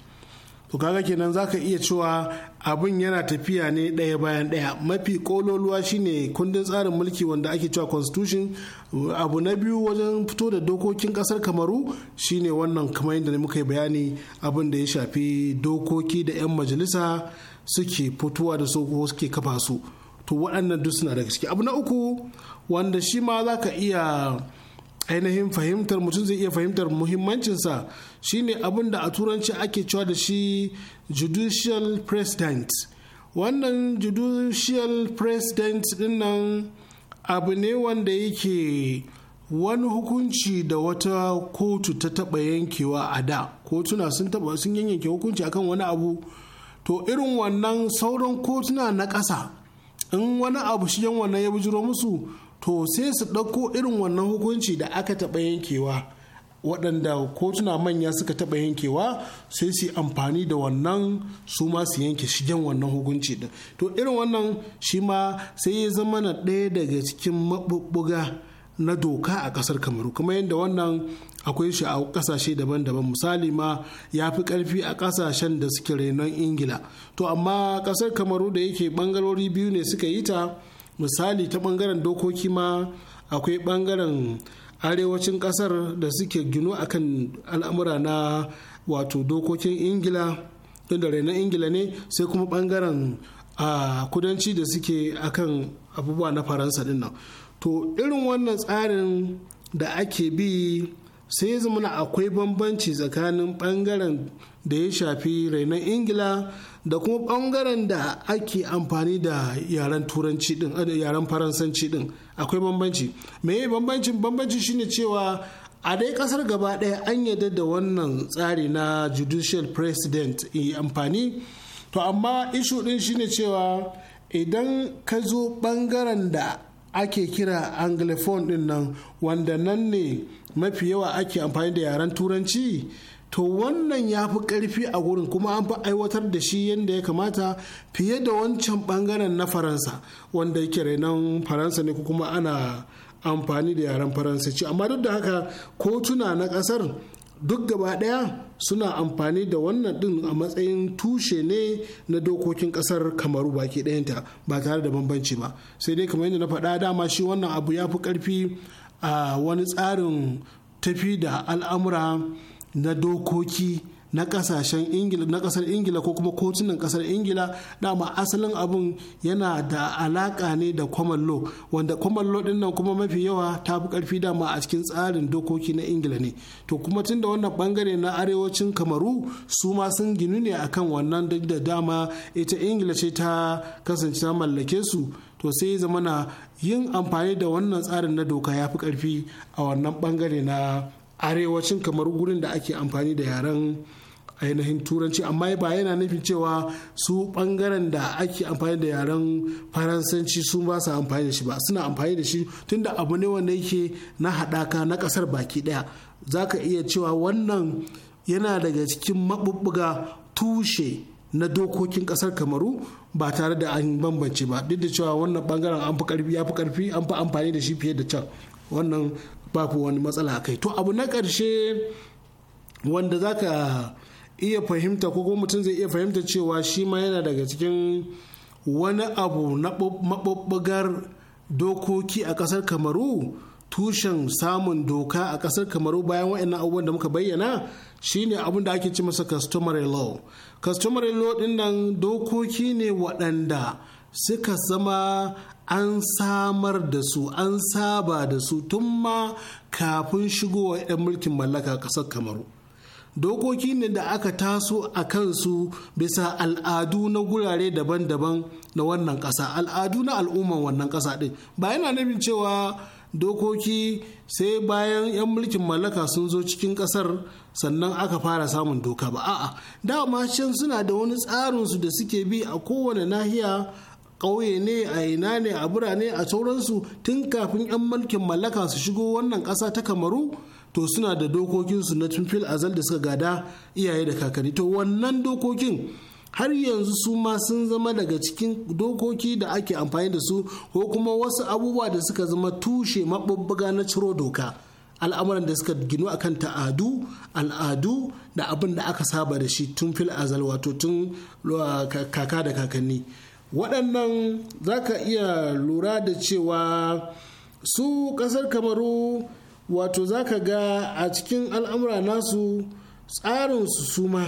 S5: to kaga kenan zaka iya cewa abin yana tafiya ne ɗaya bayan ɗaya mafi kololuwa shine kundin tsarin mulki wanda ake cewa constitution abu na biyu wajen fito da dokokin kasar kamaru shine wannan kamar yadda muka yi bayani abin da ya shafi dokoki da 'yan majalisa suke fitowa da su suke kafa su to waɗannan duk suna daga ciki abu na uku wanda shi ma zaka iya ainihin fahimtar mutum zai iya fahimtar muhimmancinsa shine abin da a turanci ake cewa da shi judicial president wannan judicial president dinnan abu ne wanda yake wani hukunci da wata kotu ta taba yankewa a da kotuna sun taba sun yanke hukunci akan wani abu to irin wannan sauran kotuna na ƙasa in wani abu shi yan wannan ya bujiro musu to sai su ɗauko irin wannan hukunci da aka taɓa yankewa waɗanda kotuna manya suka taɓa yankewa sai su amfani da wannan su ma su yanke shigen wannan hukunci ɗin to irin wannan shi ma sai ya zama na ɗaya daga cikin maɓuɓɓuga na doka a ƙasar kamaru kuma yadda wannan akwai shi a ƙasashe daban-daban misali ma ya fi ƙarfi a ƙasashen da suke renon ingila to amma ƙasar kamaru da yake ɓangarori biyu ne suka yi ta misali ta bangaren dokoki ma akwai bangaren arewacin kasar da suke gino akan al'amura na wato dokokin ingila inda rainon ingila ne sai kuma bangaren a kudanci da suke akan abubuwa na faransa dinnan to irin wannan tsarin da ake bi sai zama akwai bambanci tsakanin bangaren da ya shafi rainon ingila da kuma bangaren da ake amfani da yaren turanci din eh, yaren faransanci din akwai bambanci me bambancin bambanci shine cewa a dai kasar gaba daya an yadda da wannan tsari na judicial president yi eh, amfani to amma ishu din shine cewa idan ka zo bangaren da ake kira anglophone din nan wanda nan ne mafi yawa ake amfani da yaren turanci to wannan ya fi ƙarfi a gurin kuma an fi aiwatar da shi yadda ya kamata fiye da wancan bangaren na faransa wanda yake renon faransa ne kuma ana amfani da yaren faransanci amma duk da haka kotuna na ƙasar duk gaba ɗaya suna amfani da wannan ɗin a matsayin tushe ne na dokokin ƙasar kamaru baki ɗayanta ba tare da bambanci ba sai dai kamar yadda na faɗa dama shi wannan abu ya fi ƙarfi a wani tsarin tafi da al'amura na dokoki na kasashen ingila na kasar ingila ko kuma kotunan kasar ingila dama asalin abun yana da alaka ne da common law wanda common law din kuma mafi yawa ta fi karfi dama a cikin tsarin dokoki na ingila ne to kuma tun da wannan bangare na arewacin kamaru su ma sun ginu ne akan wannan duk da dama ita ingila ce ta kasance ta mallake su to sai zamana yin amfani da wannan tsarin na doka ya fi karfi a wannan bangare na arewacin kamar gurin da ake amfani da yaren ainihin turanci amma ba yana nufin cewa su bangaren da ake amfani da yaren faransanci sun ba su amfani da shi ba suna amfani da shi tunda abu ne wanda yake na haɗaka na ƙasar baki ɗaya za ka iya cewa wannan yana daga cikin maɓuɓɓuga tushe na dokokin ƙasar kamaru ba tare da an bambance ba duk da cewa wannan bangaren an fi fi ƙarfi an fi amfani da shi fiye da can wannan babu wani matsala kai to abu na ƙarshe wanda zaka iya fahimta ko kuma mutum zai iya fahimta cewa shi ma yana daga cikin wani abu na dokoki a ƙasar kamaru tushen samun doka a ƙasar kamaru bayan wa'annan abubuwan da muka bayyana shine abin da ake ci masa customary law customary law ɗin dokoki ne waɗanda suka zama an samar da su an saba da su tun ma kafin shigowa 'yan mulkin mallaka ƙasar kamaru dokoki ne da aka taso a kansu bisa al'adu na gurare daban-daban na wannan ƙasa al'adu na al'umman wannan ƙasa ɗin ba yana nufin cewa dokoki sai bayan 'yan mulkin mallaka sun zo cikin ƙasar sannan aka fara samun doka ba a'a dama can suna da wani tsarinsu da suke bi a kowane nahiya ƙauye ne a ina ne a birane a sauransu tun kafin 'yan mulkin mallaka su shigo wannan ƙasa ta kamaru to suna da dokokinsu na tun fil azal da suka gada iyaye da kakanni to wannan dokokin har yanzu su ma sun zama daga cikin dokoki da ake amfani da su ko kuma wasu abubuwa da suka zama tushe mabubbuga na ciro doka al'amuran da suka ginu akan ta'adu al'adu da abin da aka saba da shi tun fil azal wato tun uh, kaka da kakanni waɗannan za ka iya lura da cewa su ƙasar kamaru wato za ka ga a cikin al'amura nasu tsarinsu su suma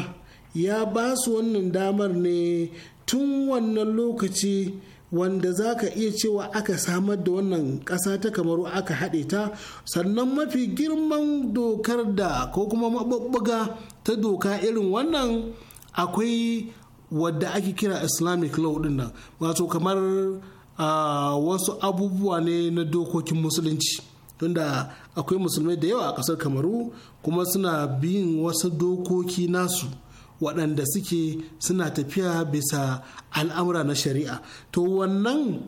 S5: ya ba su wannan damar ne tun wannan lokaci wanda za ka iya cewa aka samar da wannan ƙasa ta kamaru aka haɗe ta sannan mafi girman dokar da ko kuma maɓaɓɓuga ta doka irin wannan akwai wadda ake kira islamic law din nan wato kamar wasu abubuwa ne na dokokin musulunci tunda akwai musulmai da yawa a kasar kamaru kuma suna biyin wasu dokoki nasu waɗanda suke suna tafiya bisa al'amura na shari'a to wannan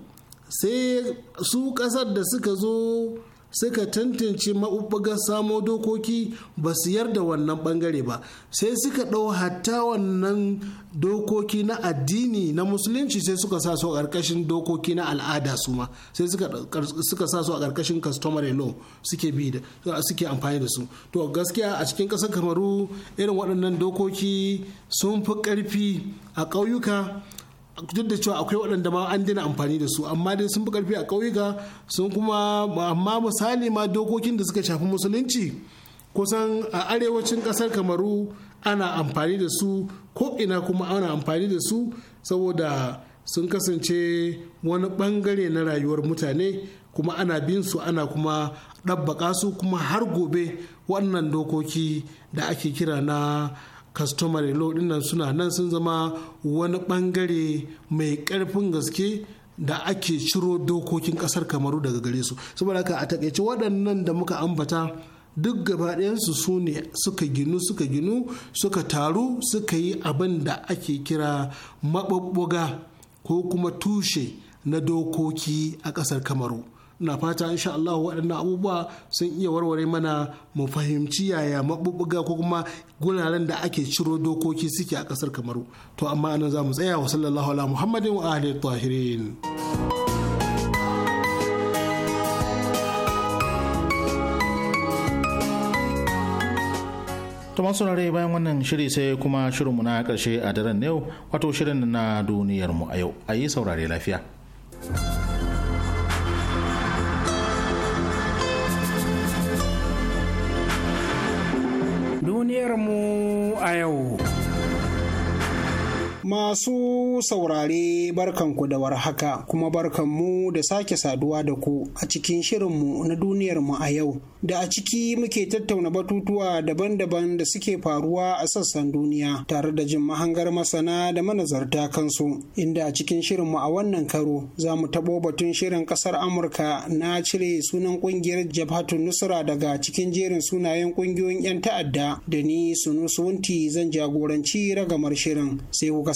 S5: sai su ƙasar da suka zo suka tantance maɓuɓɓugar samo dokoki ba su yarda wannan ɓangare ba sai suka ɗau hatta wannan dokoki na addini na musulunci sai suka sa su a ƙarƙashin dokoki na al'ada su ma sai suka sa su a ƙarƙashin customary law suke bi da suke amfani da su to gaskiya a cikin ƙasar kamaru irin waɗannan dokoki sun fi ƙarfi a ƙauyuka duk da cewa akwai waɗanda ma an daina amfani da su amma dai sun fi karfi a ƙauyuka sun kuma amma misali ma dokokin da suka shafi musulunci kusan a arewacin ƙasar kamaru ana amfani da su ko ina kuma ana amfani da su saboda sun kasance wani ɓangare na rayuwar mutane kuma ana bin su ana kuma ɗabbaƙa su kuma har gobe waɗannan dokoki da ake kira na customary law dinnan suna nan sun zama wani bangare mai karfin gaske da ake ciro dokokin kasar kamaru daga gare su saboda haka a takaice waɗannan da muka ambata duk gaba su ne suka ginu suka ginu suka taru suka yi abin da ake kira mababboga ko kuma tushe na dokoki a ƙasar kamaru na fata insha Allah waɗannan abubuwa sun iya warware mana mu fahimci yaya maɓuɓɓuga ko kuma guraren da ake ciro dokoki suke a ƙasar kamaru to amma anan za mu tsaya wa sallallahu ala muhammadin wa ahli tahirin
S1: to masu bayan wannan shiri sai kuma shirinmu na karshe a daren yau wato shirin na duniyar mu a yau a yi saurare lafiya
S6: duniyarmu a yau. Masu saurare barkanku da warhaka kuma barkanmu da sake saduwa da ku a cikin shirinmu na duniyarmu a yau. Da a ciki muke tattauna batutuwa daban-daban da suke faruwa a sassan duniya tare da jin mahangar masana da manazarta kansu. Inda a cikin shirinmu a wannan karo za mu taɓo batun shirin ƙasar Amurka na cire sunan ƙungiyar Jabhatun Nusra daga cikin jerin sunayen ƙungiyoyin 'yan ta'adda da ni Sunusunti zan jagoranci ragamar shirin sai kuka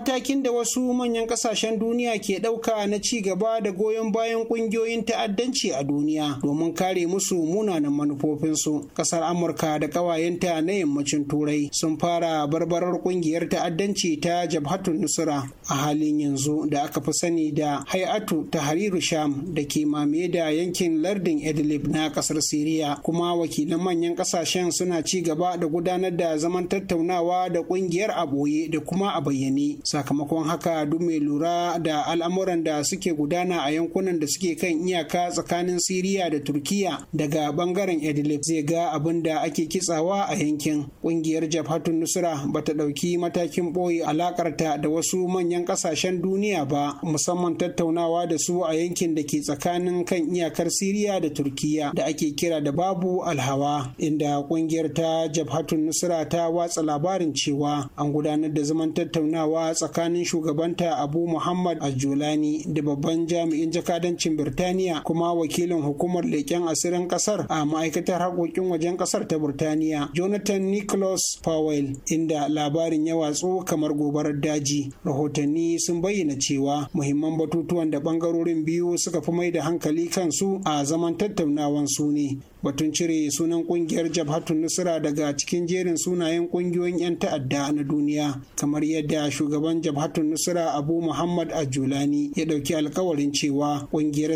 S6: matakin da wasu manyan kasashen duniya ke ɗauka na ci gaba da goyon bayan ƙungiyoyin ta'addanci a duniya domin kare musu munanan manufofinsu ƙasar amurka da ƙawayenta na yammacin turai sun fara barbarar ƙungiyar ta'addanci ta jabhatun nusra a halin yanzu da aka fi sani da hayatu Hariru sham da ke mame da yankin lardin idlib na ƙasar siriya kuma wakilan manyan ƙasashen suna ci gaba da gudanar da zaman tattaunawa da ƙungiyar a boye da kuma a bayyane sakamakon haka duk mai lura da al'amuran da suke gudana a yankunan da suke kan iyaka tsakanin siriya da turkiya daga bangaren idlib zai ga abin da ake kitsawa a yankin ƙungiyar jabhatun nusra ba ta ɗauki matakin ɓoye alakarta da wasu manyan ƙasashen duniya ba musamman tattaunawa da su a yankin da ke tsakanin kan iyakar siriya da turkiya da ake kira da babu alhawa inda ƙungiyar ta jabhatun nusra ta watsa labarin cewa an gudanar da zaman tattaunawa tsakanin shugabanta abu muhammad ajulani da babban jami'in jakadancin birtaniya kuma wakilin hukumar leken asirin ƙasar a ma'aikatar haƙoƙin wajen ƙasar ta birtaniya jonathan nicholas powell inda labarin ya watsu kamar gobarar daji rahotanni sun bayyana cewa muhimman batutuwan da ɓangarorin biyu suka fi mai da hankali kansu a zaman tattaunawan su ne batun cire sunan kungiyar jabhatun nusra daga cikin jerin sunayen ƙungiyoyin 'yan ta'adda na duniya kamar yadda shugaban shugaban Jabhatun Nusra Abu Muhammad Ajulani ya dauki alkawarin cewa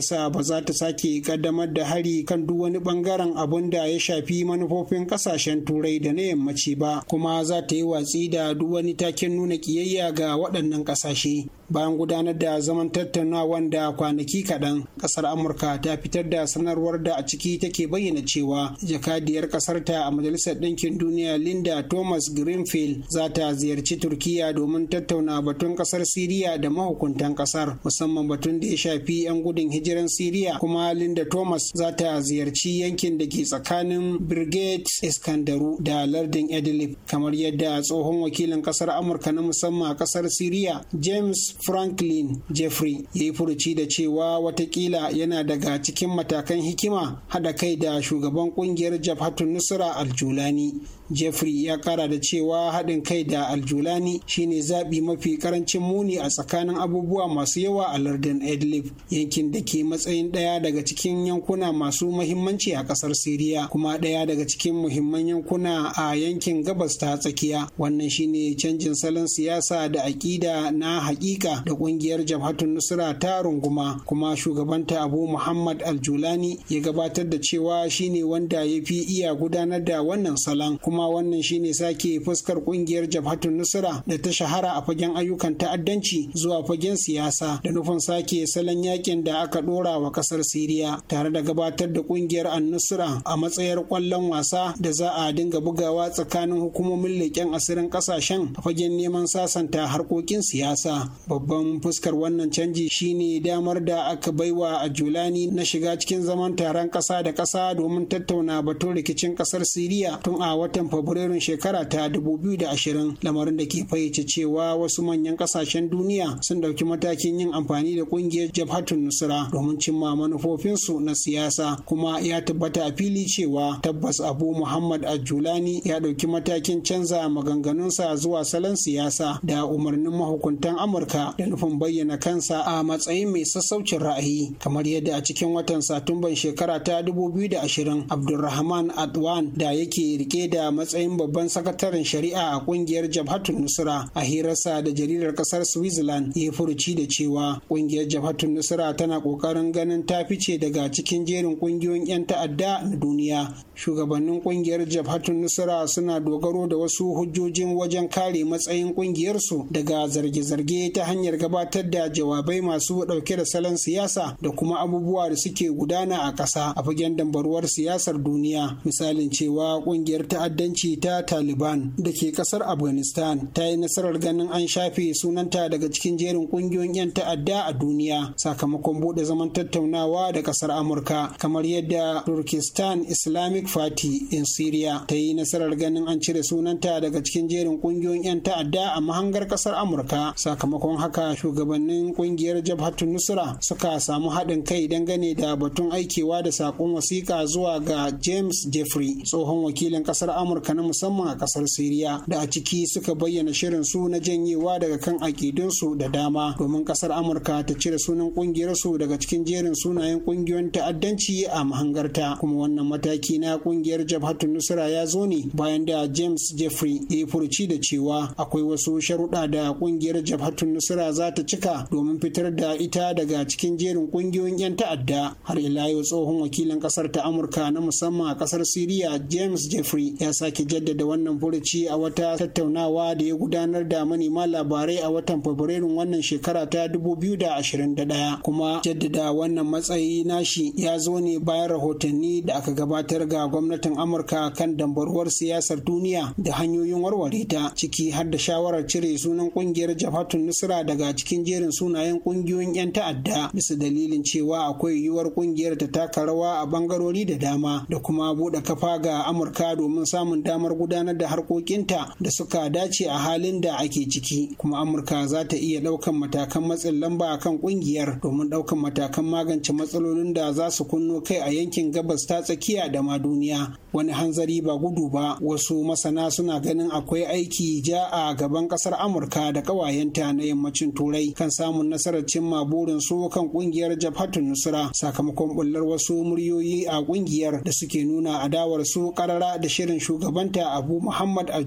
S6: sa ba za ta sake kaddamar da hari kan duk wani bangaren abun da ya shafi manufofin kasashen turai da na yammaci ba kuma za ta yi watsi da duk wani taken nuna kiyayya ga waɗannan ƙasashe bayan gudanar da zaman tattaunawan da kwanaki kaɗan ƙasar amurka ta fitar da sanarwar da a ciki take bayyana cewa jakadiyar ƙasar ta a majalisar ɗinkin duniya linda thomas greenfield za ta ziyarci turkiya domin tattauna tattauna batun kasar Siriya da mahukuntan kasar musamman batun da ya shafi 'yan gudun hijiran Siriya kuma Linda Thomas za ta ziyarci yankin da ke tsakanin Brigade Iskandaru da lardin Idlib kamar yadda tsohon wakilin kasar Amurka na musamman a kasar Siriya James Franklin Jeffrey ya yi furuci da cewa watakila yana daga cikin matakan hikima hada kai da shugaban kungiyar Jabhatun Nusra Aljulani jeffrey ya kara da cewa haɗin kai da aljulani shine zaɓi mafi ƙarancin muni a tsakanin abubuwa masu yawa a lardin idlib yankin da ke matsayin ɗaya daga cikin yankuna masu mahimmanci a ƙasar siriya kuma ɗaya daga cikin muhimman yankuna a yankin gabas ta tsakiya wannan shine canjin salon siyasa da aƙida na haƙiƙa da ƙungiyar jamhatun nusra ta runguma kuma shugabanta abu muhammad aljulani ya gabatar da cewa shine wanda ya fi iya gudanar da wannan salon kuma kuma wannan shine sake fuskar kungiyar jabhatun nusra da ta shahara a fagen ayyukan ta'addanci zuwa fagen siyasa da nufin sake salon yakin da aka dora wa kasar siriya tare da gabatar da kungiyar annusra a matsayar kwallon wasa da za a dinga bugawa tsakanin hukumomin leken asirin kasashen a fagen neman sasanta harkokin siyasa babban fuskar wannan canji shine damar da aka baiwa a julani na shiga cikin zaman taron ƙasa da ƙasa domin tattauna batun rikicin ƙasar siriya tun a watan watan fabrairun shekara ta 2020 lamarin da ke fayyace cewa wasu manyan kasashen duniya sun dauki matakin yin amfani da kungiyar jabhatun nusra domin cimma manufofinsu na siyasa kuma ya tabbata a fili cewa tabbas abu muhammad ajulani ya dauki matakin canza maganganunsa zuwa salon siyasa da umarnin mahukuntan amurka da nufin bayyana kansa a matsayin mai sassaucin ra'ayi kamar yadda a cikin watan satumban shekara ta 2020 abdulrahman adwan da yake rike da matsayin babban sakataren shari'a a kungiyar Jabhatun Nusra a hirarsa da jaridar kasar Switzerland ya furuci da cewa kungiyar Jabhatun Nusra tana kokarin ganin ta fice daga cikin jerin kungiyoyin 'yan ta'adda na duniya. Shugabannin kungiyar Jabhatun Nusra suna dogaro da wasu hujjojin wajen kare matsayin kungiyarsu daga zarge-zarge ta hanyar gabatar da jawabai masu dauke da salon siyasa da kuma abubuwa da suke gudana a ƙasa a fagen dambaruwar siyasar duniya. Misalin cewa kungiyar ta'adda ta'addanci ta Taliban da ke kasar Afghanistan ta yi nasarar ganin an shafe sunanta daga cikin jerin kungiyoyin 'yan ta'adda a duniya sakamakon bude zaman tattaunawa da kasar Amurka kamar yadda Turkistan Islamic Party in Syria ta yi nasarar ganin an cire sunanta daga cikin jerin kungiyoyin 'yan ta'adda a mahangar kasar Amurka sakamakon haka shugabannin kungiyar Jabhatun Nusra suka samu haɗin kai dangane da batun aikewa da saƙon wasiƙa zuwa ga James Jeffrey tsohon wakilin kasar Amurka amurka na musamman a kasar siriya da a ciki suka bayyana shirin su na janyewa daga kan akidunsu da dama domin kasar amurka ta cire sunan ƙungiyarsu daga cikin jerin sunayen ƙungiyoyin ta'addanci a mahangarta kuma wannan mataki na ƙungiyar jabhatun nusra ya zo ne bayan da james jeffrey ya furci da cewa akwai wasu sharuɗa da ƙungiyar jabhatun nusra za ta cika domin fitar da ita daga cikin jerin kungiyoyin 'yan ta'adda har ila yau tsohon wakilin kasar ta amurka na musamman a kasar siriya james jeffrey ya sake jaddada wannan furuci a wata tattaunawa da ya gudanar da manema labarai a watan fabrairun wannan shekara ta 2021 kuma jaddada wannan matsayi nashi ya zo ne bayan rahotanni da aka gabatar ga gwamnatin amurka kan dambaruwar siyasar duniya da hanyoyin warware ta ciki har da shawarar cire sunan kungiyar jafatun nusra daga cikin jerin sunayen kungiyoyin 'yan ta'adda bisa dalilin cewa akwai yiwuwar kungiyar ta taka rawa a bangarori da dama da kuma buɗe kafa ga amurka domin samun samun damar gudanar da harkokinta da suka dace a halin da ake ciki kuma amurka za ta iya ɗaukan matakan matsin lamba a kan ƙungiyar domin ɗaukan matakan magance matsalolin da za su kunno kai a yankin gabas ta tsakiya da ma duniya wani hanzari ba gudu ba wasu masana suna ganin akwai aiki ja a gaban ƙasar amurka da ƙawayenta na yammacin turai kan samun nasarar cimma burin su kan ƙungiyar jabhatun nusra sakamakon bullar wasu muryoyi a ƙungiyar da suke nuna adawar su ƙarara da shirin shugaban shugabanta abu muhammad al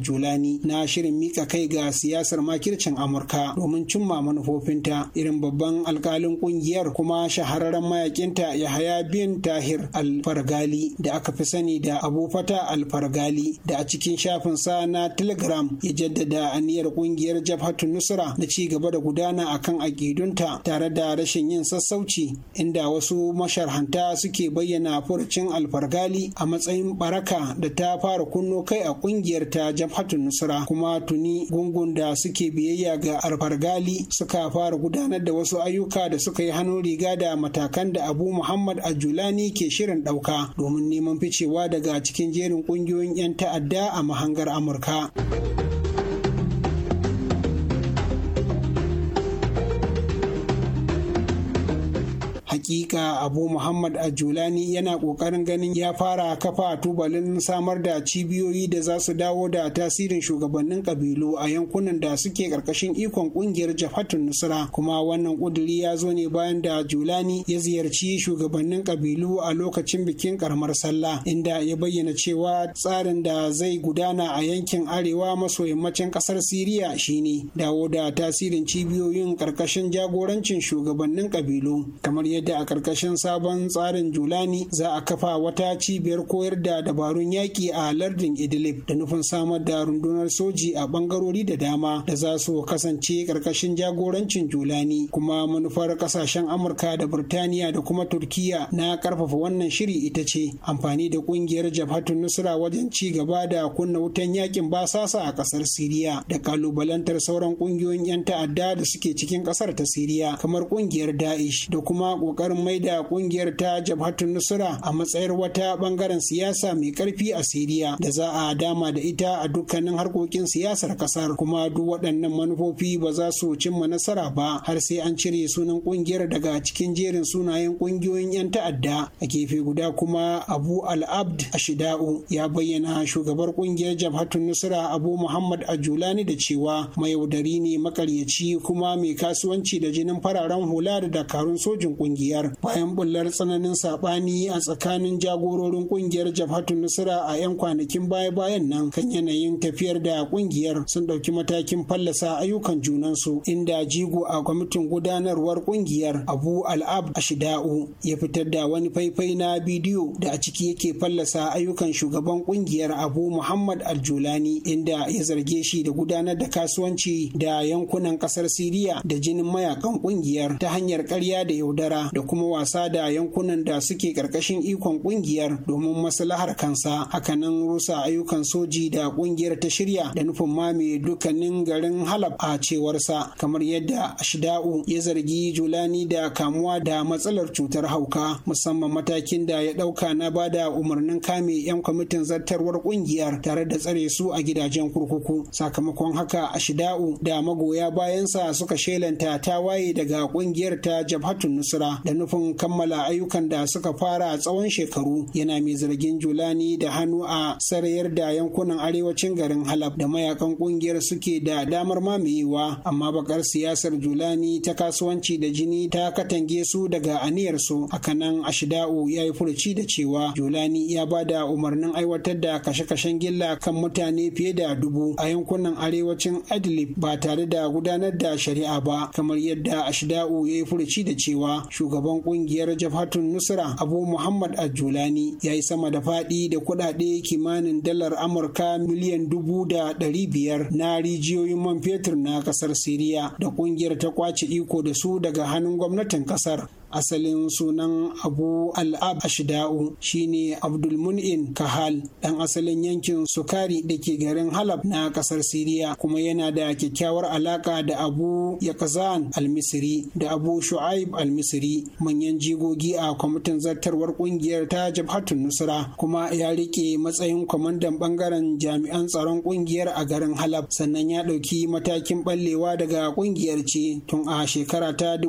S6: na shirin mika kai ga siyasar makircin amurka domin cimma manufofinta irin babban alkalin kungiyar kuma shahararren mayakinta yahaya bin tahir alfargali da aka fi sani da abu fata al da a cikin shafin sa na telegram ya jaddada aniyar kungiyar jabhatun nusra da ci gaba da gudana akan akidunta tare da rashin yin sassauci inda wasu masharhanta suke bayyana furcin alfargali a matsayin baraka da ta fara kun kunno kai a kungiyar ta Jabhatun Nusra kuma tuni gungun da suke biyayya ga Alfargali suka fara gudanar da wasu ayyuka da suka yi hannun riga da matakan da Abu Muhammad Ajulani ke shirin dauka domin neman ficewa daga cikin jerin kungiyoyin 'yan ta'adda a mahangar Amurka. hakika abu muhammad julani yana kokarin ganin ya fara kafa tubalin samar da cibiyoyi da za su dawo da tasirin shugabannin kabilu a yankunan da suke karkashin ikon kungiyar jafatun nusra kuma wannan kuduri ya zo ne bayan da julani ya ziyarci shugabannin kabilu a lokacin bikin karamar sallah inda ya bayyana cewa tsarin da zai gudana a yankin arewa maso yammacin kasar siriya shine dawo da tasirin cibiyoyin karkashin jagorancin shugabannin kabilu kamar yadda a karkashin sabon tsarin julani za a kafa wata cibiyar koyar da dabarun yaƙi a lardin idlib da nufin samar da rundunar soji a ɓangarori da dama da za su kasance karkashin jagorancin julani kuma manufar kasashen amurka da burtaniya da kuma turkiya na karfafa wannan shiri ita ce amfani da kungiyar jabhatun nusra wajen ci gaba da kunna wutan yakin basasa a kasar siriya da kalubalantar sauran kungiyoyin yan ta'adda da suke cikin kasar ta siriya kamar kungiyar da'ish da kuma mai maida kungiyar ta jabhatun nusra a matsayar wata bangaren siyasa mai ƙarfi a siriya da za a dama da ita a dukkanin harkokin siyasar kasar kuma duk waɗannan manufofi ba za su cimma nasara ba har sai an cire sunan ƙungiyar daga cikin jerin sunayen ƙungiyoyin 'yan ta'adda a gefe guda kuma abu al-abd ashida'u ya bayyana shugabar ƙungiyar jabhatun nusra abu muhammad ajulani da cewa mayaudari ne makaryaci kuma mai kasuwanci da jinin fararen hula da dakarun sojin kungiya biyar bayan bullar tsananin saɓani a tsakanin jagororin ƙungiyar jabhatu Nusra a 'yan kwanakin baya-bayan nan kan yanayin tafiyar da ƙungiyar sun ɗauki matakin fallasa ayyukan junansu inda jigo a kwamitin gudanarwar ƙungiyar Abu Al'ab Shida'u ya fitar da wani faifai na bidiyo da a ciki yake fallasa ayyukan shugaban ƙungiyar Abu Muhammad Aljulani inda ya zarge shi da gudanar da kasuwanci da yankunan ƙasar Siriya da jinin mayakan ƙungiyar ta hanyar ƙarya da yaudara da kuma wasa da yankunan da suke ƙarƙashin ikon ƙungiyar domin maslahar kansa hakanan rusa ayyukan soji da ƙungiyar ta shirya da nufin mame dukkanin garin halab a cewarsa kamar yadda ashida'u ya zargi julani da kamuwa da matsalar cutar hauka musamman matakin da ya ɗauka na bada umarnin kame 'yan kwamitin zartarwar ƙungiyar tare da tsare su a gidajen kurkuku sakamakon haka ashida'u da magoya bayansa suka shelanta waye daga ƙungiyar ta jabhatun nusra da nufin kammala ayyukan da suka fara a tsawon shekaru yana mai zargin julani da hannu a sarayar da yankunan arewacin garin halab da mayakan kungiyar suke da damar mamayewa amma bakar siyasar julani ta kasuwanci da jini ta katange su daga aniyarsu hakanan ashida'u ya yi furuci da cewa julani ya ba da umarnin aiwatar da kashe-kashen gilla kan mutane fiye da dubu a yankunan arewacin adlib ba tare da gudanar da shari'a ba kamar yadda ashida'u ya yi furuci da cewa shugaban shugaban kungiyar Jafatun Nusra Abu Muhammad Ajulani ya yi sama da faɗi da kuɗaɗe kimanin dalar Amurka miliyan dubu da ɗari biyar na rijiyoyin man fetur na ƙasar Siriya da kungiyar ta kwace iko da su daga hannun gwamnatin ƙasar. asalin sunan abu al'ab ashida'u shine abdulmun'in kahal dan asalin yankin sukari da ke garin halab na kasar siriya kuma yana da kyakkyawar alaka da abu yakazan almisiri da abu shu'aib almisiri manyan jigogi a kwamitin zartarwar kungiyar ta jabhatun nusra kuma ya rike matsayin kwamandan bangaren jami'an tsaron kungiyar a garin halab sannan ya ɗauki matakin ballewa daga kungiyar ce tun a shekara ta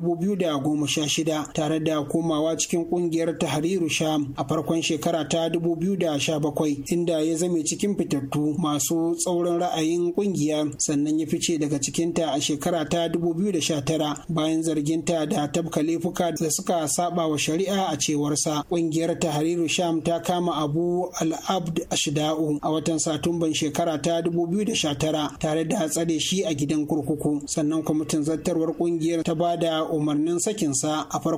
S6: shida. tare da komawa cikin kungiyar Tahriru Sham a farkon shekara ta 2017 inda ya zame cikin fitattu masu tsaurin ra'ayin kungiya sannan ya fice daga cikinta a shekara ta 2019 bayan zarginta da tabka laifuka da suka saba wa shari'a a cewarsa kungiyar Tahriru Sham ta kama Abu alabd ashida'u a watan Satumban shekara ta 2019 tare da tsare shi a gidan kurkuku sannan kwamitin zartarwar kungiyar ta ba da umarnin sakinsa a farkon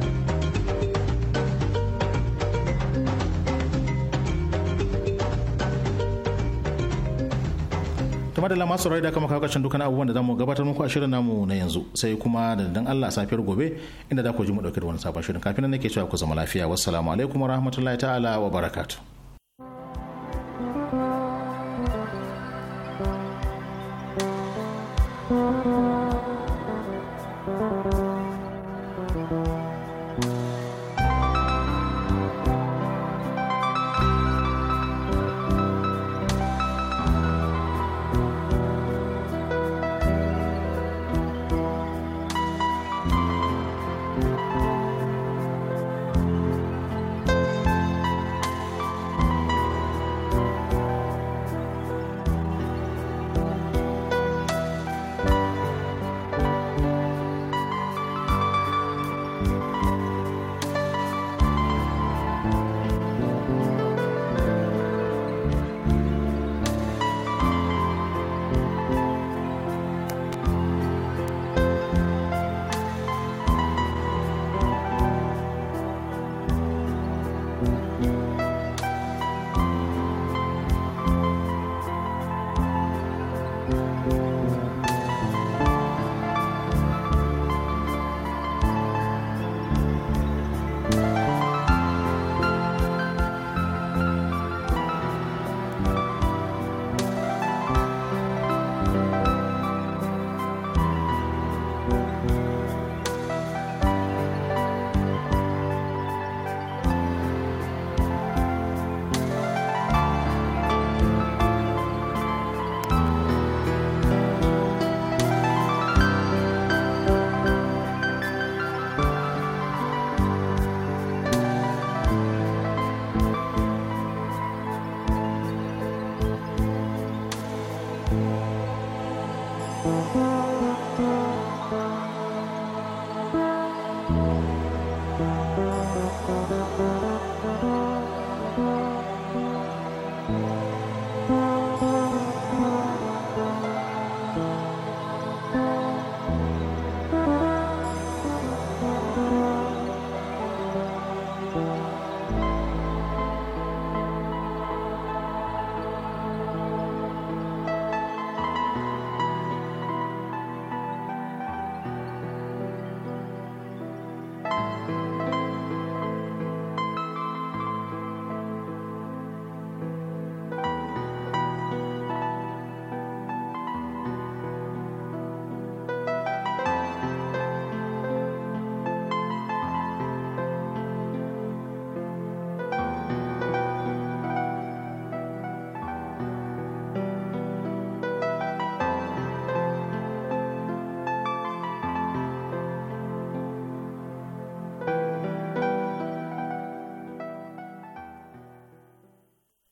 S1: madalla masu rai da aka kawo kashin dukkan abubuwan da zamu gabatar muku a shirin namu na yanzu sai kuma da dan Allah safiyar gobe inda za ku ji mu dauke da wani sabon shirin kafin nan nake cewa ku zama lafiya wassalamu alaikum warahmatullahi ta'ala wa barakatuh